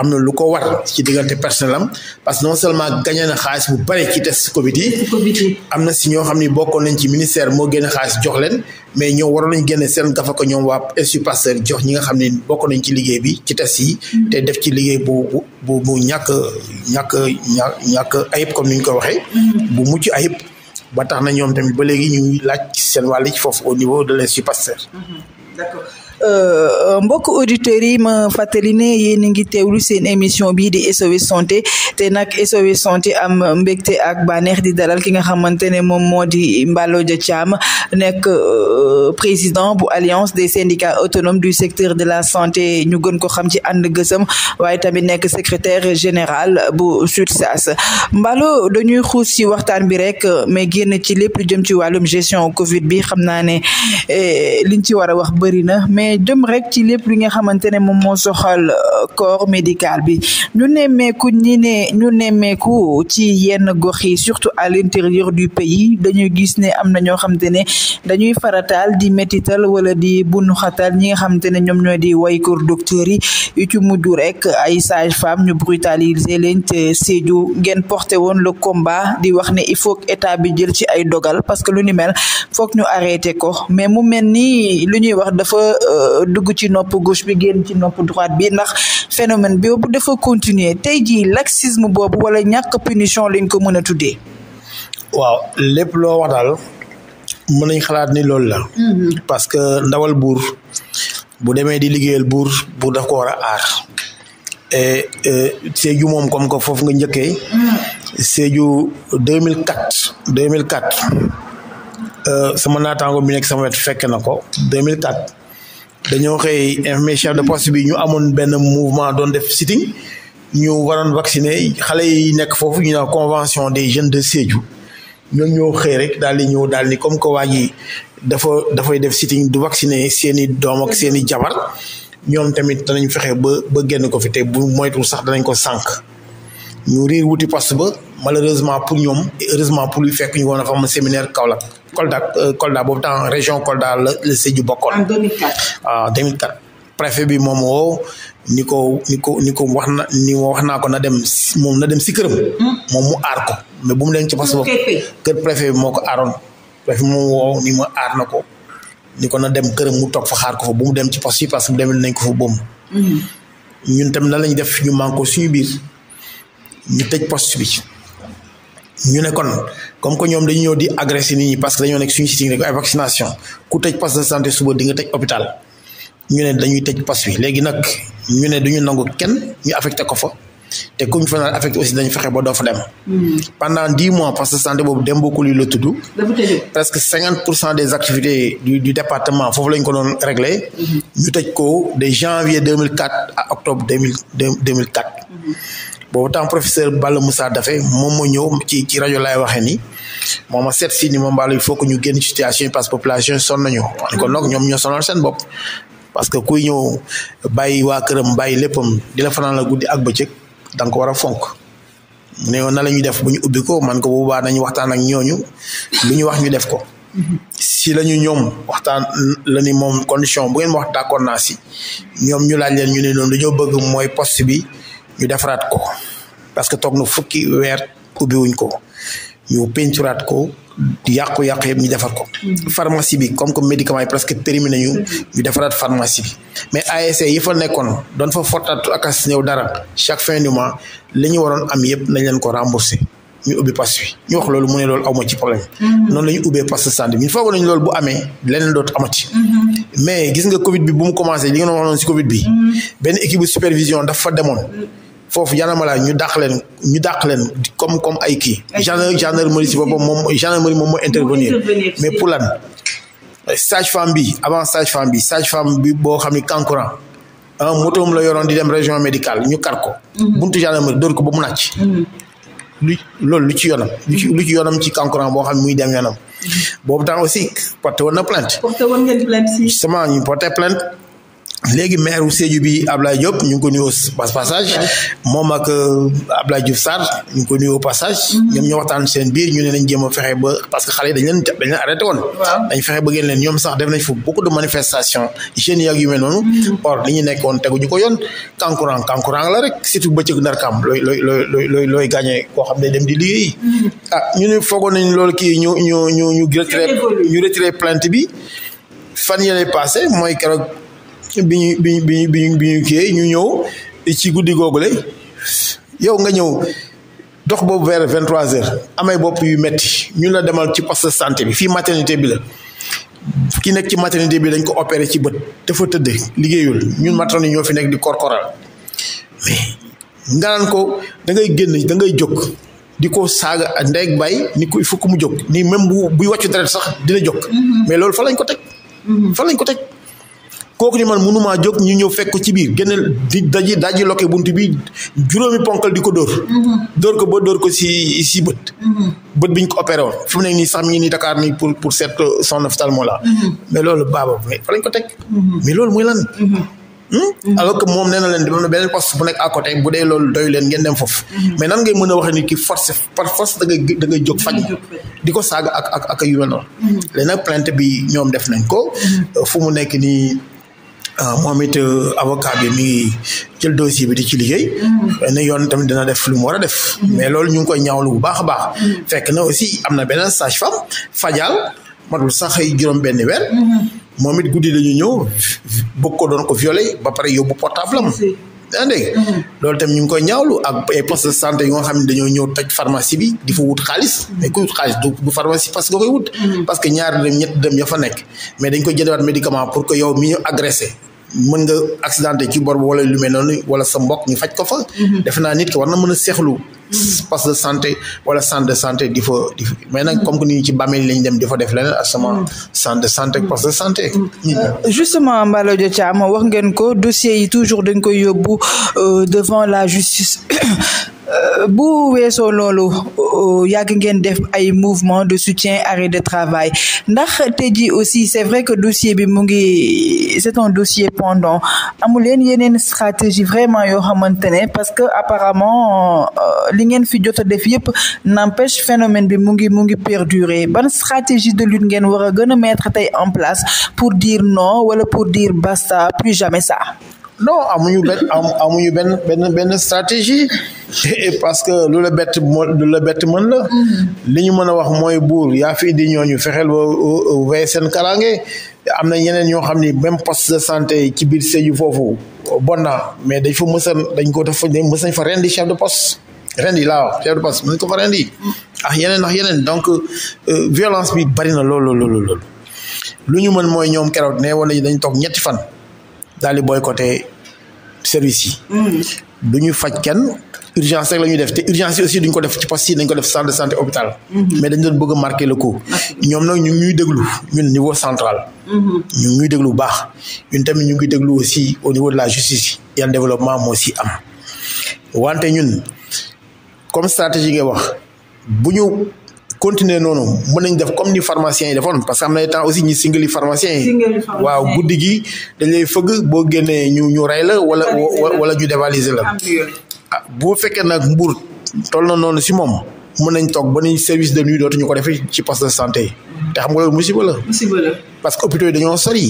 Speaker 2: am na lu ko war ci diggante personnel am parce que non seulement gagné na xaalis bu bare ci test Covid yi. am na si ñoo xam ni bokkoon nañ ci ministère moo génne xaalis jox leen mais ñoo waroon nañ génne seen dafa ko ñoom waa Institut Pasteur jox ñi nga xam ne bokk nañ ci liggéey bi ci test yi. Mm. te def ci liggéey bu bu bu ñàkk ñàkk ñàkk ayib comme ni ñu ko waxee. Mm. bu mucc ayib. ba tax na ñoom tamit ba léegi ñuy laaj seen wàll ci foofu au niveau de l'Institut Pasteur. Mm-hmm.
Speaker 1: d'accord. Euh, euh, mbokk auditeurs yi ma fàttali ne yéen a ngi teewlu seen émission bii di SOS santé te nag SOS santé am mbégte ak bànneex di dalal ki nga xamante ne moom moo di Mbaloja Thiam nekk euh, président bu alliance des syndicats autonomes du secteur de la santé ñu gën ko xam ci ànd gësëm waaye tamit nekk secretaire général bu SUTSAS Mbalo dañuy xuus ci waxtaan bi rek mais génn ci lépp jëm ci wàllum gestion Covid bi xam naa ne eh, liñ ci war a wax bëri mais mais jëm rek ci lépp li xamante ne moom moo soxal euh, corps médical bi ñu nemmeeku ñi ne ñu nemmeeku ci yenn gox yi surtout à l'intérieur du pays dañuy gis ne am na ñoo xamante ne dañuy farataal di métital wala di bunu xatal ñi nga xamante ne ñoom ñoo di waykor docteurs yi yu ci mujj rek ay sage femme ñu brutaliser leen te Sédhiou ngeen porté woon le combat di wax ne il faut état bi jël ci ay dogal parce que lu ni mel foog ñu arrêté ko mais mu mel ni lu ñuy wax dafa euh, dugg ci nopp gauche bi génn ci nopp droite bi ndax bi bu dafa continuer tey jii laxisme boobu wala ñàkk punition lañ ko mën a tuddee.
Speaker 2: waaw lépp loo wax daal mën nañ xalaat ni loolu la.
Speaker 3: Mm-hmm.
Speaker 2: parce que ndawal buur bu demee di liggéeyal buur buur daf ko war a aar. Euh, Sédhiou moom kom ko foofu nga njëkkee.
Speaker 3: Mm-hmm.
Speaker 2: Sédhiou mille 2004 euh, sama naataango bi nekk sama wet fekk na ko 2004. dañoo xëy informé de poste bi ñu amoon benn mouvement doon def sitting ñu waroon vacciner xale yi nekk foofu ñu a convention des jeunes de Sédhiou ñoom ñoo xëy rek daal di ñëw daal ni comme que waa yi dafa dafay def sitting du vacciner seen i doom ak seen i jabar ñoom tamit danañ fexe ba ba génn ko fi te bu moytu sax danañ ko sànq ñu riir wuti poste ba. malheureusement pour ñoom heureusement pour lui fekk ñu woon a fa am séminaire Kaolack Kolda euh, Kolda boobu temps région Kolda la la Sédhiou bokkoon. en 2004 ah 2004. préfet moom woo ni ko ni ko ni ko wax na ni wax naa ko na dem moom na dem si këram. Hmm. moom mu aar ko mais bu mu leen ci parce kër préfet bi moo ko aaroon préfet ni ma aar na ko ni ko na dem këram mu toog fa xaar ko bu mu dem ci poste yi parce que bu nañ ko fa boom na lañ def ñu manko suñu biir ñu tëj poste bi. ñu ne kon comme que ñoom dañu ñëw di agressé nit ñi parce que dañoo nekk suñu sitting rek ay vaccination ku tëj pass de santé suba di nga tëj hôpital ñu ne dañuy tëj pass bi léegi nag ñu ne duñu nangu kenn ñu affecté ko fa te ku ñu fa naan aussi dañu fexe ba doo fa dem. Hmm. pendant dix mois pass de santé boobu dem bokkul yi la tudd. presque cinquante pour cent des activités du du foofu lañ ko doon réglé. Hmm. ñu tëj ko de janvier deux mille quatre à octobre deux mille deux mille quatre. Hmm. boobu temps professeur Balla Moussa Dafe moom moo ñëw ci ci rajo laay waxee ni moom ma seet si ni moom Balla il faut ñu génn situation yi parce que population yi sonn nañu wax kon mm-hmm. nag ñoom ñoo sonal seen bopp parce que kuy ñëw bàyyi waa këram bàyyi léppam di fanaan guddi ak bëccëg da nga war a fonk mu ne na la ñuy def bu ñu ubbi man ko bu baax nañu waxtaan ak ñooñu lu ñu wax ñu def ko. Mm-hmm. si la ñu ñoom waxtaan la ni moom condition bu ngeen wax d'accord naa si ñoom ñu laaj leen ñu ne noonu dañoo bëgg mooy post bi. ñu defaraat ko parce que toog na fukki weer ubbiwuñ ko ñu peinturaat ko yàqu-yàqu yëpp ñu defar ko. Mm-hmm. pharmacie bi comme que médicament yi presque terminé ñu. Mm-hmm. ñu defaraat pharmacie bi. mais ASC yi fa nekkoon doon fa fortaatu ak as néew dara chaque fin du mois li ñu waroon am yëpp nañ leen ko remboursé ñu ubbi pass bi ñu wax loolu mu ne loolu awma ci problème. Mm-hmm. noonu la ñu ubbee pass santé bi ñu foog nañ loolu bu amee leneen dootu amati. mais gis nga Covid bi bu mu commencé li nga doon wax noonu foofu yanamala ñu dàq leen ñu dàq leen comme comme ay kii genre gendarmerie si boppam moom gendarmerie moom moo intervenir mais pour lan sage femme bi avant sage femme bi sage femme bi boo xam ni kankuran motoom la yoroon di dem région médical ñu kar ko mhm. buntu ma dóor ko ba mu nàcc mhm. lu loolu lu ci yoonam lu ci lu ci yoonam ci kankuran boo xam ne muy dem yoonam mhm. boobu temps aussi porté woon na plainte porté ñu porté plainte léegi maire wu Sédhiou bi Ablaye Diop ñu ngi ko nuyoo pas passage moom ak euh, Ablaye Diouf Sarr ñu ngi ko nuyoo passage mm-hmm. ñoom ñoo waxtaan seen biir ñu ne nañ jéem a fexe ba parce que xale yi dañ leen dañ leen woon dañ fexe ba génn leen ñoom sax def nañ fa beaucoup de manifestations jeunes yaag yu mel noonu mm-hmm. or li ñu nekkoon teguñu ko yoon kankurang kankurang la rek surtout bëccëg ndarkaam looy looy looy looy looy looy gagné koo xam ne dem di liggéeyi mm-hmm. a ah, ñu ne foogoon nañ loolu kii ñu ñu ñu ñu ñu retiré plainte bi fan yële passé mooy keroog bi ñu bi ñu bi ñu bi ñu kiyee ñu ñëw ci guddi googule yow nga ñëw dox boobu vers vingt trois heures amay bopp yu metti ñun la demal ci post de santé bi fii maternité bi la ki nekk ci maternité bi lañ ko opéré ci bët dafa tëdd liggéeyul ñun maternité ñoo fi nekk di korkoral mais nga ko da ngay génn da ngay jóg di ko saaga ndeeg bay ni ko il mu jóg nii même bu buy wàccu deret sax dina jóg mm-hmm. mais loolu fa lañ ko teg mm-hmm. fa ko teg kooku ni man mënumaa jóg ñu ñëw fekk ko ci biir génne di daji daji bunt bi juróomi ponkal di ko dóor mm-hmm. dóor ko ba dóor ko si si bët
Speaker 3: mm-hmm.
Speaker 2: biñ ko opéré woon fi mu nekk nii sax mi ngi pour pour seet son ophtalmo la mm-hmm. mais loolu baaba mais fa lañ ko teg mais loolu muy lan hmm? alors que moom nee na leen dama na beneen poste bu bu dee loolu doyu leen ngeen dem foofu mais nan ngay mën a wax da ngay da di ko saaga ak ak ak yu mel noonu bi ñoom def nañ ko fu mu nekk nii Euh, moom it euh, avocat bi mi ngi jël dossier bi di ci liggéey. Mm-hmm. ne yoon tamit dina def lu mu war a def. Mm-hmm. mais loolu ñu ngi koy ñaawlu bu baax a baax. Mm-hmm. fekk na aussi am na benn sage-femme Fadial matul sax ay juróom-benn weer. moom it guddi lañu ñëw bëgg ko doon ko ba pare yóbbu portable am. yaa dégg loolu ñu ngi koy ñaawlu a ay poste de santé yu nga xam ne dañoo toj pharmacie bi di fa wut xaalis mais ku wut xaalis du pharmacie parce que koy wut parce que ñaari dem ñett dem ya fa mais dañ koy jëndewaat médicament pour ko yow mi ñu mën nga accidenté ci bor wala lu mel noonu wala sa mbokk ñu faj ko fa. Mhm. defe naa nit ki war na mën a seexlu.
Speaker 3: Mhm.
Speaker 2: passe de santé wala centre de santé di fa di mais nag mhm. comme que ni ñu ci bàmmeel lañ dem def fa def leneen ak sama centre de santé ak passe de santé.
Speaker 1: Euh, justement Mbalodio Thiam wax ngeen ko dossier yi toujours dañ koy yóbbu euh, devant la justice. [COUGHS] bu weesoo loolu euh, yàgg ngeen def ay mouvement de soutien arrêt de travail ndax tey jii aussi c'est vrai que dossier bi mu ngi c'est un dossier pendant amu leen yeneen stratégie vraiment yoo xamante ne parce que apparemment euh, li ngeen fi jot a def yëpp n'empêche phénomène bi mu ngi mu ngi perdurer ban stratégie de lutte ngeen war a gën a mettre tey en place pour dire non wala pour dire basta plus jamais ça non amuñu benn amuñu
Speaker 2: benn benn benn stratégie parce que lu la bett lu la bett mën la mm-hmm. li ñu mën a wax mooy buur yaa fi indi ñooñu fexeel ba wéy seen karange am na ñeneen ñoo xam ni même post de santé ci biir Sédhiou foofu bon na mais dañ foo mësan dañ ko def mës nañ fa rendi chef de poste rendi laaw chef de poste mën ko fa rendi ah yeneen ndax yeneen donc euh, violence bi bari na loolu lu ñu mën mooy ñoom keroog ne woon nañu dañ toog ñetti fan daal di boycotté service yi. Mm. du ñu faj kenn urgence rek la ñuy def te urgence yi aussi duñ ko def ci poste yi dañ ko def centre de santé hôpital. Mm-hmm. mais dañ doon bëgg a marqué le coup. ñoom nag ñu ngi ñuy déglu ñun niveau central. Mm-hmm. ñu ngi ñuy déglu bu baax ñun tamit ñu ngi déglu aussi au niveau de la justice yan développement moo si am wante ñun comme stratégie ngay wax bu ñu continuer noonu mën nañ def comme ni pharmaciens yi defoon parce que am na temps aussi ñi singali pharmaciens yi waaw guddi gi dañ lay fëgg boo génnee ñu ñu rey la wala wala ñu dévaliser la ah, bu fekkee nag mbuur toll na noonu si moom mën nañ toog ba ni service de nuit dootuñu ko defee ci poste de santé yi te xam nga loolu musiba la. parce que hôpitaux dañoo sori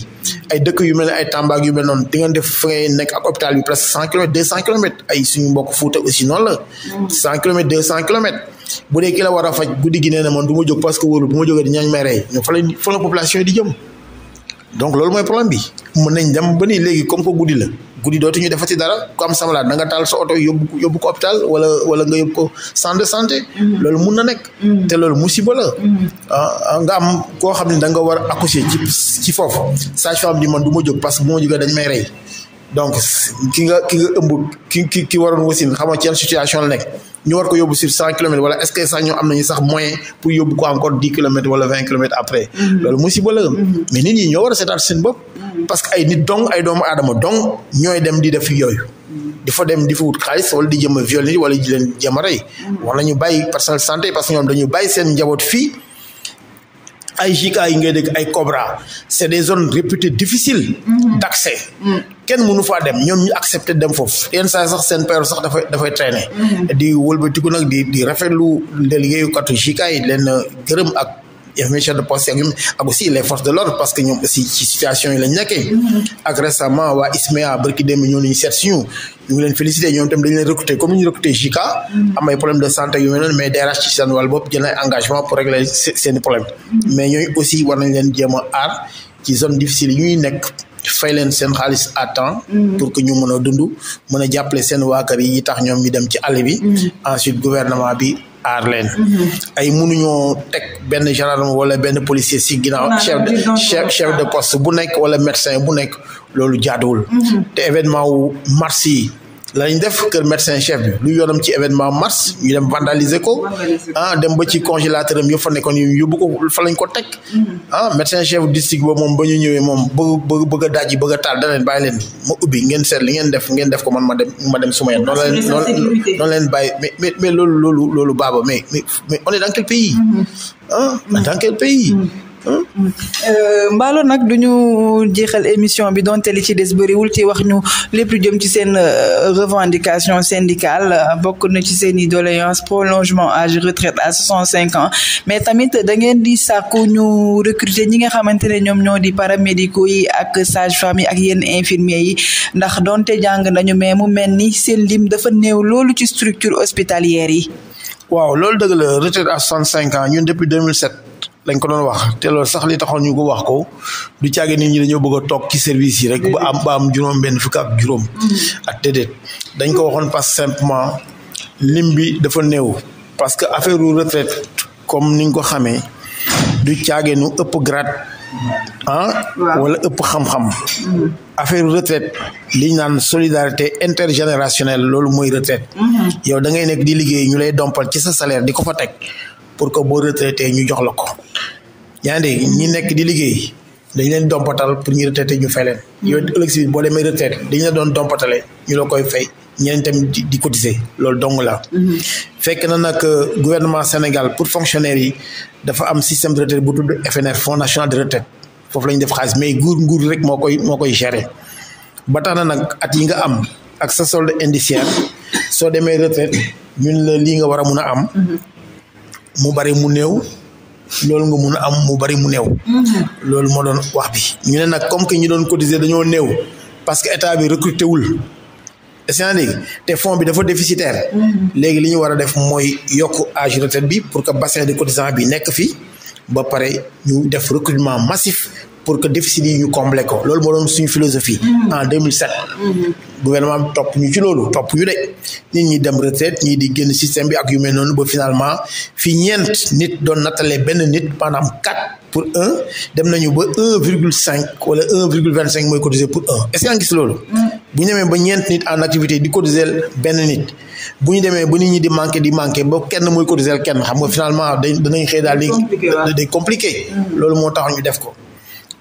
Speaker 2: ay dëkk yu mel ne ay Tamba yu mel noonu di ngeen def fa ngay nekk ak hôpital bi presque cent kilomètres deux cent kilomètres ay suñu mbokk Fuuta aussi noonu la. Mm. cent bu dee ki war a faj guddi gi nee na man du ma jóg parce que wóorul bu ma jógee di ñaañ may rey la fa la population donc loolu mooy problème bi mën nañ dem ba ni léegi comme que guddi la guddi dootuñu defati dara ku am samalaat da nga taal sa oto yóbbu yóbbu ko hôpital wala wala nga yóbbu ko centre de santé. Mm-hmm. loolu mun na nekk. Mm-hmm. te loolu musiba la. Mm-hmm. Ah, ah, nga am koo xam ne da nga war a accoucher ci ci foofu sage-femme bi man du ma jóg parce que bu ma jógee dañ may rey donc ki nga ki nga ëmb ki ki ki waroon wasin xam nga ci situation la nekk. ñu war ko yóbbu sur cent kilomètres wala est-ce que sax ñoo am nañu sax moyen pour yóbbu ko encore dix kilomètres wala vingt kilomètres après. Mhm. loolu musiba la mhm. mais nit ñi ñoo war a seetaat seen bopp. Mhm. parce que ay nit dong ay doomu adama dong ñooy dem di def yooyu. di fa dem di fa wut xaalis wala di jëm a violer wala di leen a rey. war ñu bàyyi parce que ñoom dañu bàyyi seen njaboot fii. ay Jika yi ngay degg ay Cobra c'est des zones réputées difficiles mhm. d'accès mhm. kenn mënu faa dem ñoom ñu accepté dem foofu yenn saa sax seen père sax dafay dafay traîner mhm. di wëlbatiku nag di di rafetlu liggéeykatu Jika yi leen gërëm ak information de poste ak aussi les forces de l'ordre parce que ñoom aussi ci situation yi lañ nekkee ak récemment waa ISMEA barki démb ñoo ñu seet si ñu ñu leen félicité ñoom tam dañ leen recruté comme ñu de santé yu mel noonu mais DRH ci seen wàll bopp engagement pour régler seen problème mais ñooñu aussi war leen jéem a ci zone difficile yi ñuy nekk fay leen seen xaalis à temps pour que ñu mën a dund mën a jàppale seen waa kër yi tax ñoom ñu dem ci àll bi mm. bi aar leen mhm. ay mënuñoo teg benn gendarme wala benn policier si ginnaaw chef de chef de poste bu nekk wala médecin bu nekk loolu jaaduwul mhm. te événement wu mars yi lañ def kër médecin chef bi lu yoonam ci événement mars ñu dem vandaliser ko a ah, dem ba ci congélateur am yëpp fa nekkoon ñu yóbbu ko fa lañ ko teg ah médecin chef district ba moom ba ñu ñëwee moom ba bëgg a daaj yi bëgg taal da leen bàyyi leen ma ubbi ngeen seet li ngeen def ngeen def ko man ma dem ma dem su ma yoon leen noonu leen mais mais loolu loolu loolu baaba mais mais on est dans quel
Speaker 1: pays
Speaker 3: mm-hmm.
Speaker 1: a ah, dans quel pays mm-hmm. Euh, mbaalo nag du ñu jeexal émission bi donte li ci des bëriwul ci wax ñu lépp lu jëm ci seen euh, revendication syndicale bokk na ci seen i doléance prolongement âge retraite à soixante cinq ans mais tamit da ngeen di sàkku ñu recruter ñi nga xamante ne ñoom ñoo di paramédicaux yi ak sage-femme ak yenn infirmiers yi ndax donte jàng nañu mais mu mel ni seen lim dafa néew loolu ci structure hospitalière yi. waaw
Speaker 2: loolu dëgg la retraite à soixante cinq ans ñun depuis dañ ko doon wax te loolu sax li taxoon ñu ko wax ko du caage nit ñi dañoo bëgg a toog ci service yi rek ba am ba am juróom benn fukk ak juróom
Speaker 3: mm-hmm.
Speaker 2: ak déedéet dañ ko waxoon parce simplement lim bi dafa néew parce que affaire u retraite comme ni ko xamee du caage nu ëpp grade ah wala ëpp xam-xam mm-hmm. affaire retraite liñ naan solidarité intergénérationnelle loolu mooy retraite mm-hmm. yow da ngay nekk di liggéey ñu lay dompal ci sa salaire di ko fa teg pour que boo retraité ñu jox la ko yaa ngi dégg ñi nekk di liggéey dañ leen dompatal pour ñu retraité ñu fay leen yow mm. ëllëg si boo demee retraite dañ la doon dompatale ñu la koy fay ñeneen tamit di cotiser loolu dong la mm-hmm. fekk na nag euh, gouvernement Sénégal pour fonctionnaire yi dafa am système de retraite bu tudd FNR Fonds national de retraite foofu la ñu def xaalis mais nguur nguur rek moo koy moo koy gérer ba tax na nag at yi nga am ak sa solde indiciaire soo demee retraite ñun la lii nga war a mun a am mm-hmm. mu bari mu néew loolu nga mun a am mu bari mu néew. Mhm. loolu moo doon wax bi. ñu ne nag comme que ñu doon cotiser dañoo néew parce que état bi recruté wul cest te fonds bi dafa déficitaire. Mhm. léegi li ñu war a def mooy yokk âge retraite bi pour que bassin de cotisant bi nekk fi ba pare ñu def recrutement massif. pour que déficit yi ñu combler ko loolu moo doon suñu philosophie. Mm-hmm. en 2007.
Speaker 3: Mm-hmm.
Speaker 2: gouvernement bi topp ñu ci loolu topp ñu de nit ñi dem retraite ñii di génn système bi ak yu mel noonu ba finalement fi ñeent nit doon nattalee benn nit maanaam quatre pour un dem nañu ba un virgule cinq wala un virgule vingt cinq mooy cotiser pour un est-ce que yaa loolu. Mm. bu ñu demee ba ñeent nit en activité di cotiser benn nit bu ñu demee ba nit ñi di manqué di manqué ba kenn mooy cotiser kenn xam nga finalement dañ danañ xëy daal di. compliqué mm. loolu moo tax ñu def ko.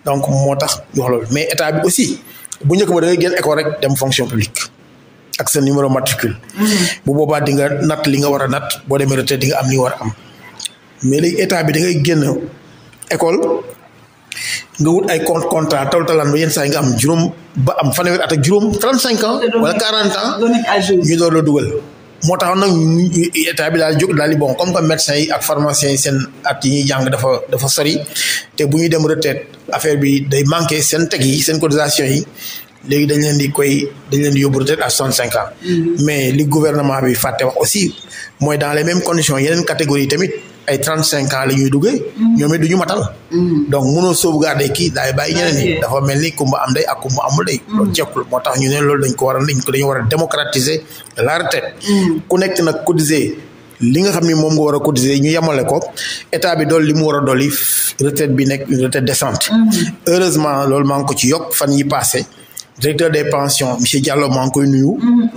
Speaker 2: donc moo tax ñu mais état bi aussi bu njëkk ba da ngay école rek dem fonction publique ak sa numéro matricule.
Speaker 3: Mm-hmm.
Speaker 2: bu boobaa di nga natt li nga war a nat boo demee retraite di nga am li war am mais léegi état bi da ngay génn école nga wut ay compte contrat taw talaan ba yenn saa nga am juróom ba am fanweeri at ak juróom trente cinq ans. wala quarante ans ñu door la dugal. moo tax nag état bi daal jóg daal di bon comme que médecins yi ak pharmaciens yi seen at yi ñuy jàng dafa dafa sori te bu ñuy dem retraite affaire bi day manqué seen teg yi seen cotisation yi léegi dañ leen di koy dañ leen di yóbbu retraite à soixante cinq ans mm-hmm. mais li gouvernement bi fàtte wax aussi mooy dans les mêmes conditions yeneen catégorie tamit ay trent cinq ans la ñuy duggee. Mm. ñoom it du ñu matal. Mm. donc mënoo sauvegarder kii daay bàyyi ñeneen ñi. dafa mel ni kumba am day ak kumba amul day. loolu mm. jekkul moo tax ñu ne loolu dañ ko war a dañ ko dañu war a démocratiser la retraite. ku nekk nag cotiser li nga xam ni moom nga war a cotiser ñu yemale ko état bi dool li mu war a dolli retraite bi nekk une retraite décente. heureusement loolu maa ngi ko ci yokk fan yi passé directeur des pensions monsieur Diallo maa ngi koy nuyu. Mhm,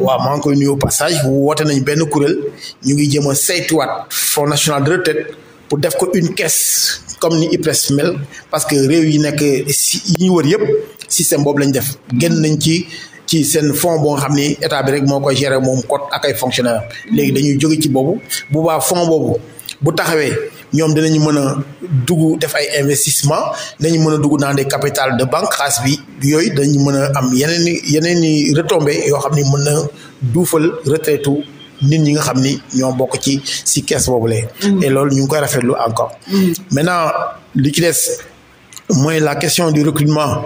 Speaker 2: waaw maa ngi koy nuyu passage woote nañu benn kuréel ñu ngi jëm a saytuwaat fonds national de retraite pour def ko une caisse comme ni IPRES mel parce que réew yi nekk si yi ñu wër yëpp système boobu lañ def mhm. génn nañ ci ci seen fonds boo xam ni état bi rek moo koy gérer moom kot ak ay fonctionnaire mhm. léegi dañuy jóge ci boobu bu baax fonds boobu bu taxawee. ñoom dinañu mën a dugg def ay investissement dinañu mën a dugg dans des capitales de banque xaas bi yooyu dañu mën a am yeneen i yeneen i retombées yoo xam ni mën na duufal retraitu nit ñi nga xam ni ñoo bokk ci si kees boobule. Mm. et loolu ñu ngi koy rafetlu encore. Mm. maintenant li ci des mooy la question du recrutement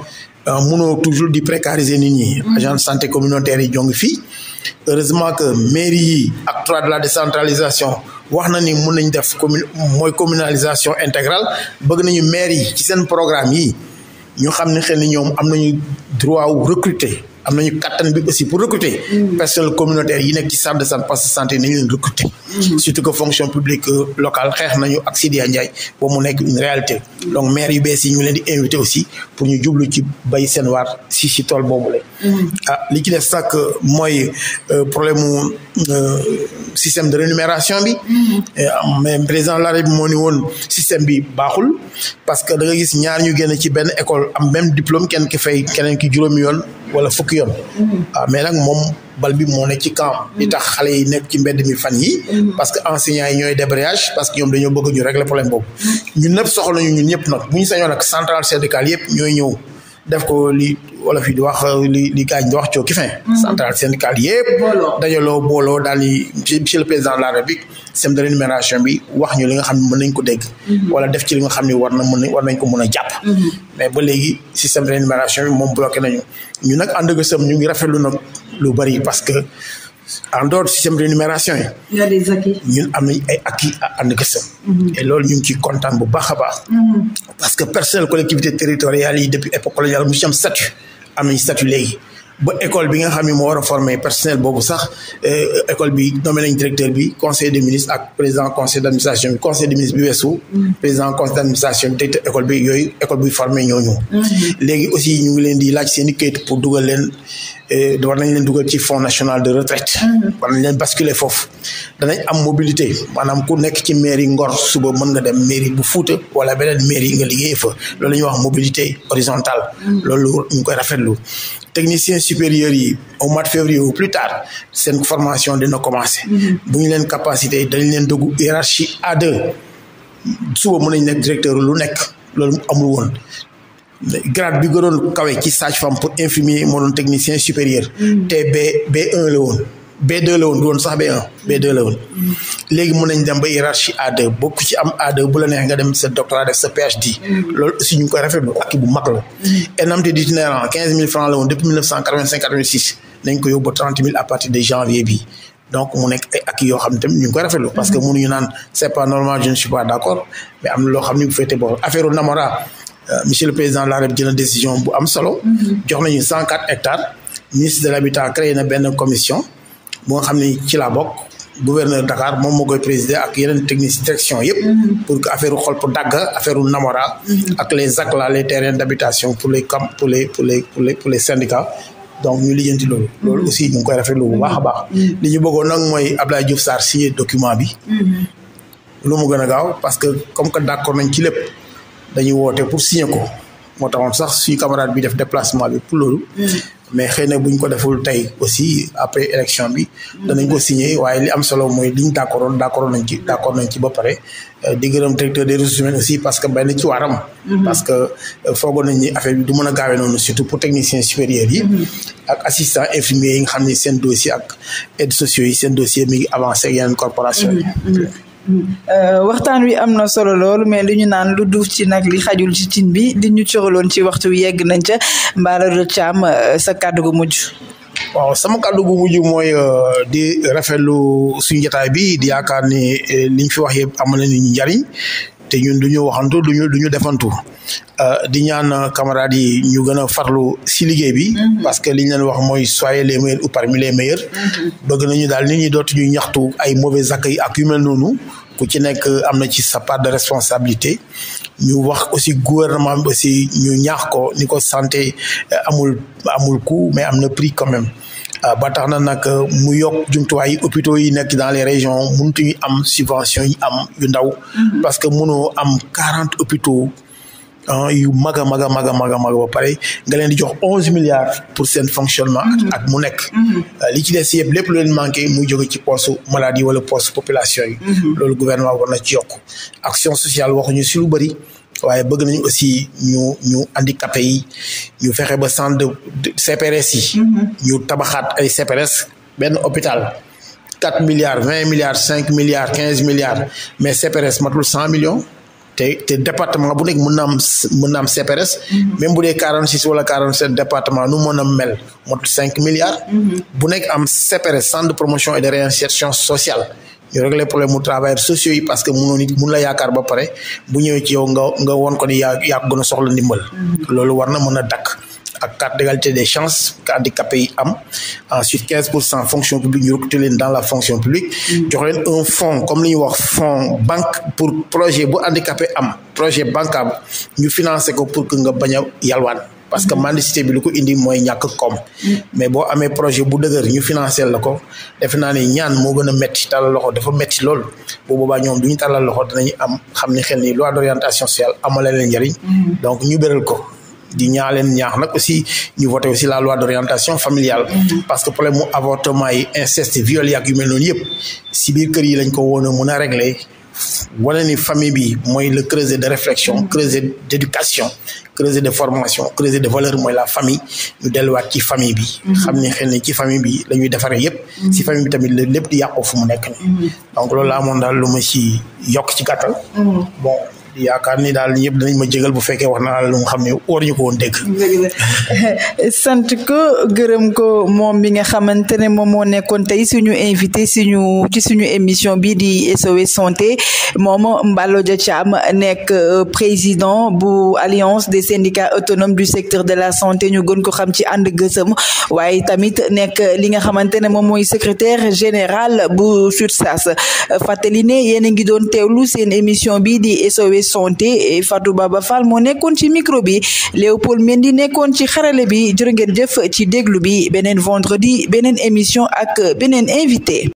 Speaker 2: euh, mënoo toujours di précariser nit ñi. Mm. agent de santé communautaire yi jongi fii heureusement que mairie yi acte trois de la décentralisation. wax na ni mun nañu def commune mooy communalisation intégrale bëgg nañu maire yi ci seen programme yi ñu xam ne xel ni ñoom am nañu droit wu recruter am nañu kattan bi aussi pour recruter. Mm. personnel communautaire yi nekk ci centre de santé parce que santé nañu leen recruter. Mm-hmm. surtout que fonction publique euh, locale xeex nañu ak Sidya Ndiaye ba mu nekk une réalité. Mm-hmm. donc maire yu bees yi ñu leen di invité aussi pour ñu jublu ci bay seen waar si si tool boobu la. Mm-hmm. ah li ci des sax euh, mooy euh, problème mu système de rémunération bi. Ah, mais président la République moo ni woon système bi baaxul parce que da nga gis ñaar ñu génn ci benn école am même diplôme kenn ki fay keneen ki juróomi yoon fukki yoon waaw mm-hmm. ah, mais nag moom bal bi moo ci camp mm-hmm. li tax xale yi nekk ci mbedd mi fan yi mm-hmm. parce que enseignants yi ñooy débrayage parce que ñoom dañoo bëgg ñu régler problème boobu ñun ñëpp soxla ñu ñun ñëpp nag bu ñu nag centrale syndicale yëpp ñooy ñëw def ko li wala fi di wax li li gaañ di wax cooki fin centrale syndicale yëpp dajaloo booloo daal di monsieur le président de la système de rémunération bi wax ñu li nga xam ne mën nañ ko dégg mhm. wala def ci li nga xam ni war na mën war nañ ko mën a jàpp mhm. mais ba léegi système de rémunération bi moom bloqué nañu ñu nag ànd ak ñu ngi lu nag lu bari parce que en dehors système de rémunération yi ñun am nañ ay acquis à ànd ak sëm mhm. loolu ñu ngi ciy kontaan bu baax a baax parce que personnel collectivité territoriale yi depuis époque coloniale mu ci am statut am nañ léegi ba école bi nga xam ne moo war a personnel boobu sax eh, école bi nommé nañ directeur bi conseil des ministres ak président conseil d' administration conseil des ministres bi weesu. président conseil d' administration bi directeur école bi yooyu école bi formé ñooñu. Mm-hmm. léegi aussi ñu ngi leen di laaj seen i pour dugal war leen dugal ci fonds national de retraite mhm. war nañ leen basculer foofu danañ am mobilité maanaam ku nekk ci mairie Ngor suba mën nga dem mairie bu Fuuta wala beneen mairie nga liggéey fa loolu la ñuy wax mobilité horizontale mhm. loolu ñu koy rafetlu techniciens supérieurs yi au mois de février ou plus tard seen formation dina commencer mhm. bu ñu leen capacité dañ leen dugg hiérarchie A2 suba mën nañ nekk directeur lu nekk loolu amul woon grade bi gënoon kawe ci sage-femme pour infirmier moo doon technicien supérieur. Mm. te B b la woon. B2 la woon du woon sax B1 B2 la woon mm. léegi mun nañ dem A2 bokk la neexee nga dem mm. mille francs la woon depuis mille neuf à partir de janvier bi donc mu nekk ay yoo xam ne ñu ngi koy rafetlu parce que mënuñu naan c'est pas normal je ne d'accord mais am loo xam ne bu fekkee bon affaire u namora Euh, monsieur le président de la République jël décision bu am solo. Mhm. jox nañu cent quatre hectares. ministre de l'habitat créé na benn commission moo xam ni ci laa bokk gouverneur Dakar moom moo koy présider ak yeneen techniques direction yëpp. Mhm. pour que affaire pour dagg affaire Namora. Mhm. ak les ACLA les terrains d'habitation pour les camps pour les pour les pour les pour les syndicats. donc ñu lijjanti loolu. loolu aussi ñu koy rafetlu bu baax a baax. li ñu bëggoon nag mooy Abdoulaye Diouf Sarr signé bi. lu mu gën a parce que comme que d'accord nañ ci lépp. dañuy woote pour signer ko moo taxoon sax si camarade bi def déplacement bi pour loolu. Mm. mais xëy na buñ ko deful tey aussi après élection bi. Mm. danañ ko signer waaye li am solo mooy liñ d'accordoon d'accord nañ ci d'accord nañ ci ba pare. Euh, di gërëm directeur de ressources humaines aussi parce que bay na ci waaram. Mm-hmm. parce que euh, foogoon nañ ni affaire bi du mën a gaawee noonu surtout pour techniciens supérieurs yi. Mm-hmm. ak assistant infirmiers yi nga xam ni seen dossier ak aides sociaux yi seen dossier mi ngi avancé ak yeneen corporation yi.
Speaker 1: Mm-hmm. Euh, waxtaan wi am na solo lool mais li ñu naan lu duuf ci nag li xajul ci cin bi di ñu coraloon ci waxtu wi yegg nañ ca Mballo Thiam euh, sa kàddu gu mujj. waaw sama kàddu gu mujj
Speaker 2: mooy euh, di rafetlu suñu jotaay bi di yaakaar ni liñ fi wax yëpp am nañu njariñ te ñun du ñu waxantu du ñu du ñu defantu euh, di ñaan euh, camarades yi ñu gën a farlu si liggéey bi. Mm-hmm. parce que li ñu leen wax mooy soyez les meilleurs ou parmi les meilleurs. Mm-hmm. bëgg nañu daal nit ñi dootu ñu ñaxtu ay mauvais accueil ak yu mel noonu ku ci nekk euh, am na ci sa part de responsabilité ñu wax aussi gouvernement bi aussi ñu ñaax ko ni ko santé amul amul coût mais am na prix quand Euh, ba tax na nag euh, mu yokk jumtuwaay hôpitaux yi nekk dans les régions mënutuñu am subvention yi am yu ndaw mhm. parce que mënoo am quarante hôpitaux yu mag a mag a mag a mag a ba pare nga leen di jox onze milliards pour seen fonctionnement ak mhm. mu nekk mhm. euh, li ci des yëpp lépp lu leen manqué mu jóge ci poste maladie wala poste population yi loolu gouvernement war na ci yokk action sociale waxuñu si lu bëri waaye bëgg nañu aussi ñu ñu handicapé yi ñu fexe ba centre de CPRS yi. Mhm. ñu tabaxaat ay CPRS benn hôpital. quatre milliards vingt milliards cinq milliards quinze milliards mais CPRS matul cent millions te te département bu nekk mën na am mën na am CPRS mhm. même bu dee quarante six wala quarante sept département nu mën a mel matul cinq milliards mhm. bu nekk am CPRS centre de promotion et de réinsertion sociale yow régler problème mu travailleurs sociaux yi parce que mënoo nit mun la yaakaar ba pare bu ñëwee ci yow nga nga woon ko ni yaa yaa gën a soxla ndimbal. Mm-hmm. loolu war na mën a dakk ak carte d'égalité des chances que handicapés yi am ensuite quinze pour cent fonction publique ñu recruter leen dans la fonction publique mm-hmm. jox leen un fonds comme li ñuy wax fonds banque pour projet bu handicapé am projet bancable ñu financer ko pour que nga bañ a yalwaan parce que mendicité bi lu ko indi mooy ñàkk koom mais boo amee projet bu dëgër ñu financé la ko defe naa ne ñaan moo gën a métti tàllal loxo dafa métti lool bu boobaa ñoom du ñu tàllal loxo danañu am xam ni xel ni loi d'orientation sociale amala leen njëriñ mm-hmm. donc ñu béral ko di ñaa leen ñaax nag aussi ñu voté aussi la loi orientation familiale mm-hmm. parce que problème mu avortement yi inceste viol yàgg yu mel noonu yëpp si biir kër yi lañ ko woon a mën a régler wane ni famille bi mooy le creuset de réflexion creuset d'éducation creuset de formation creuset de valeur mooy la famille ñu delluwaat ci famille bi mhm. xam ne xel ne ci famille bi la ñuy defaree yëpp mhm. si famille bi tamit la lépp di yàqoo nekk ni mhm. donc loolu laa moon daal lu ma si yokk ci gàttal yaakaar ni daal yëpp danañ ma jégal bu fekkee wax naa lu nga xam ne war ñu ko woon
Speaker 1: [LAUGHS] sant ko gërëm ko moom mi nga xamante ne moom moo nekkoon tey suñu invité suñu ci suñu émission bi di SOS santé moom Mballo Dia Thiam nekk euh, président bu alliance des syndicats autonomes du secteur de la santé ñu gën ko xam ci ànd gësëm waaye tamit nekk li nga xamante ne moom mooy secretaire général bu SUTSAS fàttali ne yéen ngi doon teewlu seen émission bi di SOS. santé eh, Fatou Baba Fall moo nekkoon ci micro bi Léopold Mendy nekkoon ci xarale bi jërë ngeen jëf ci déglu bi beneen vendredi beneen émission ak beneen invité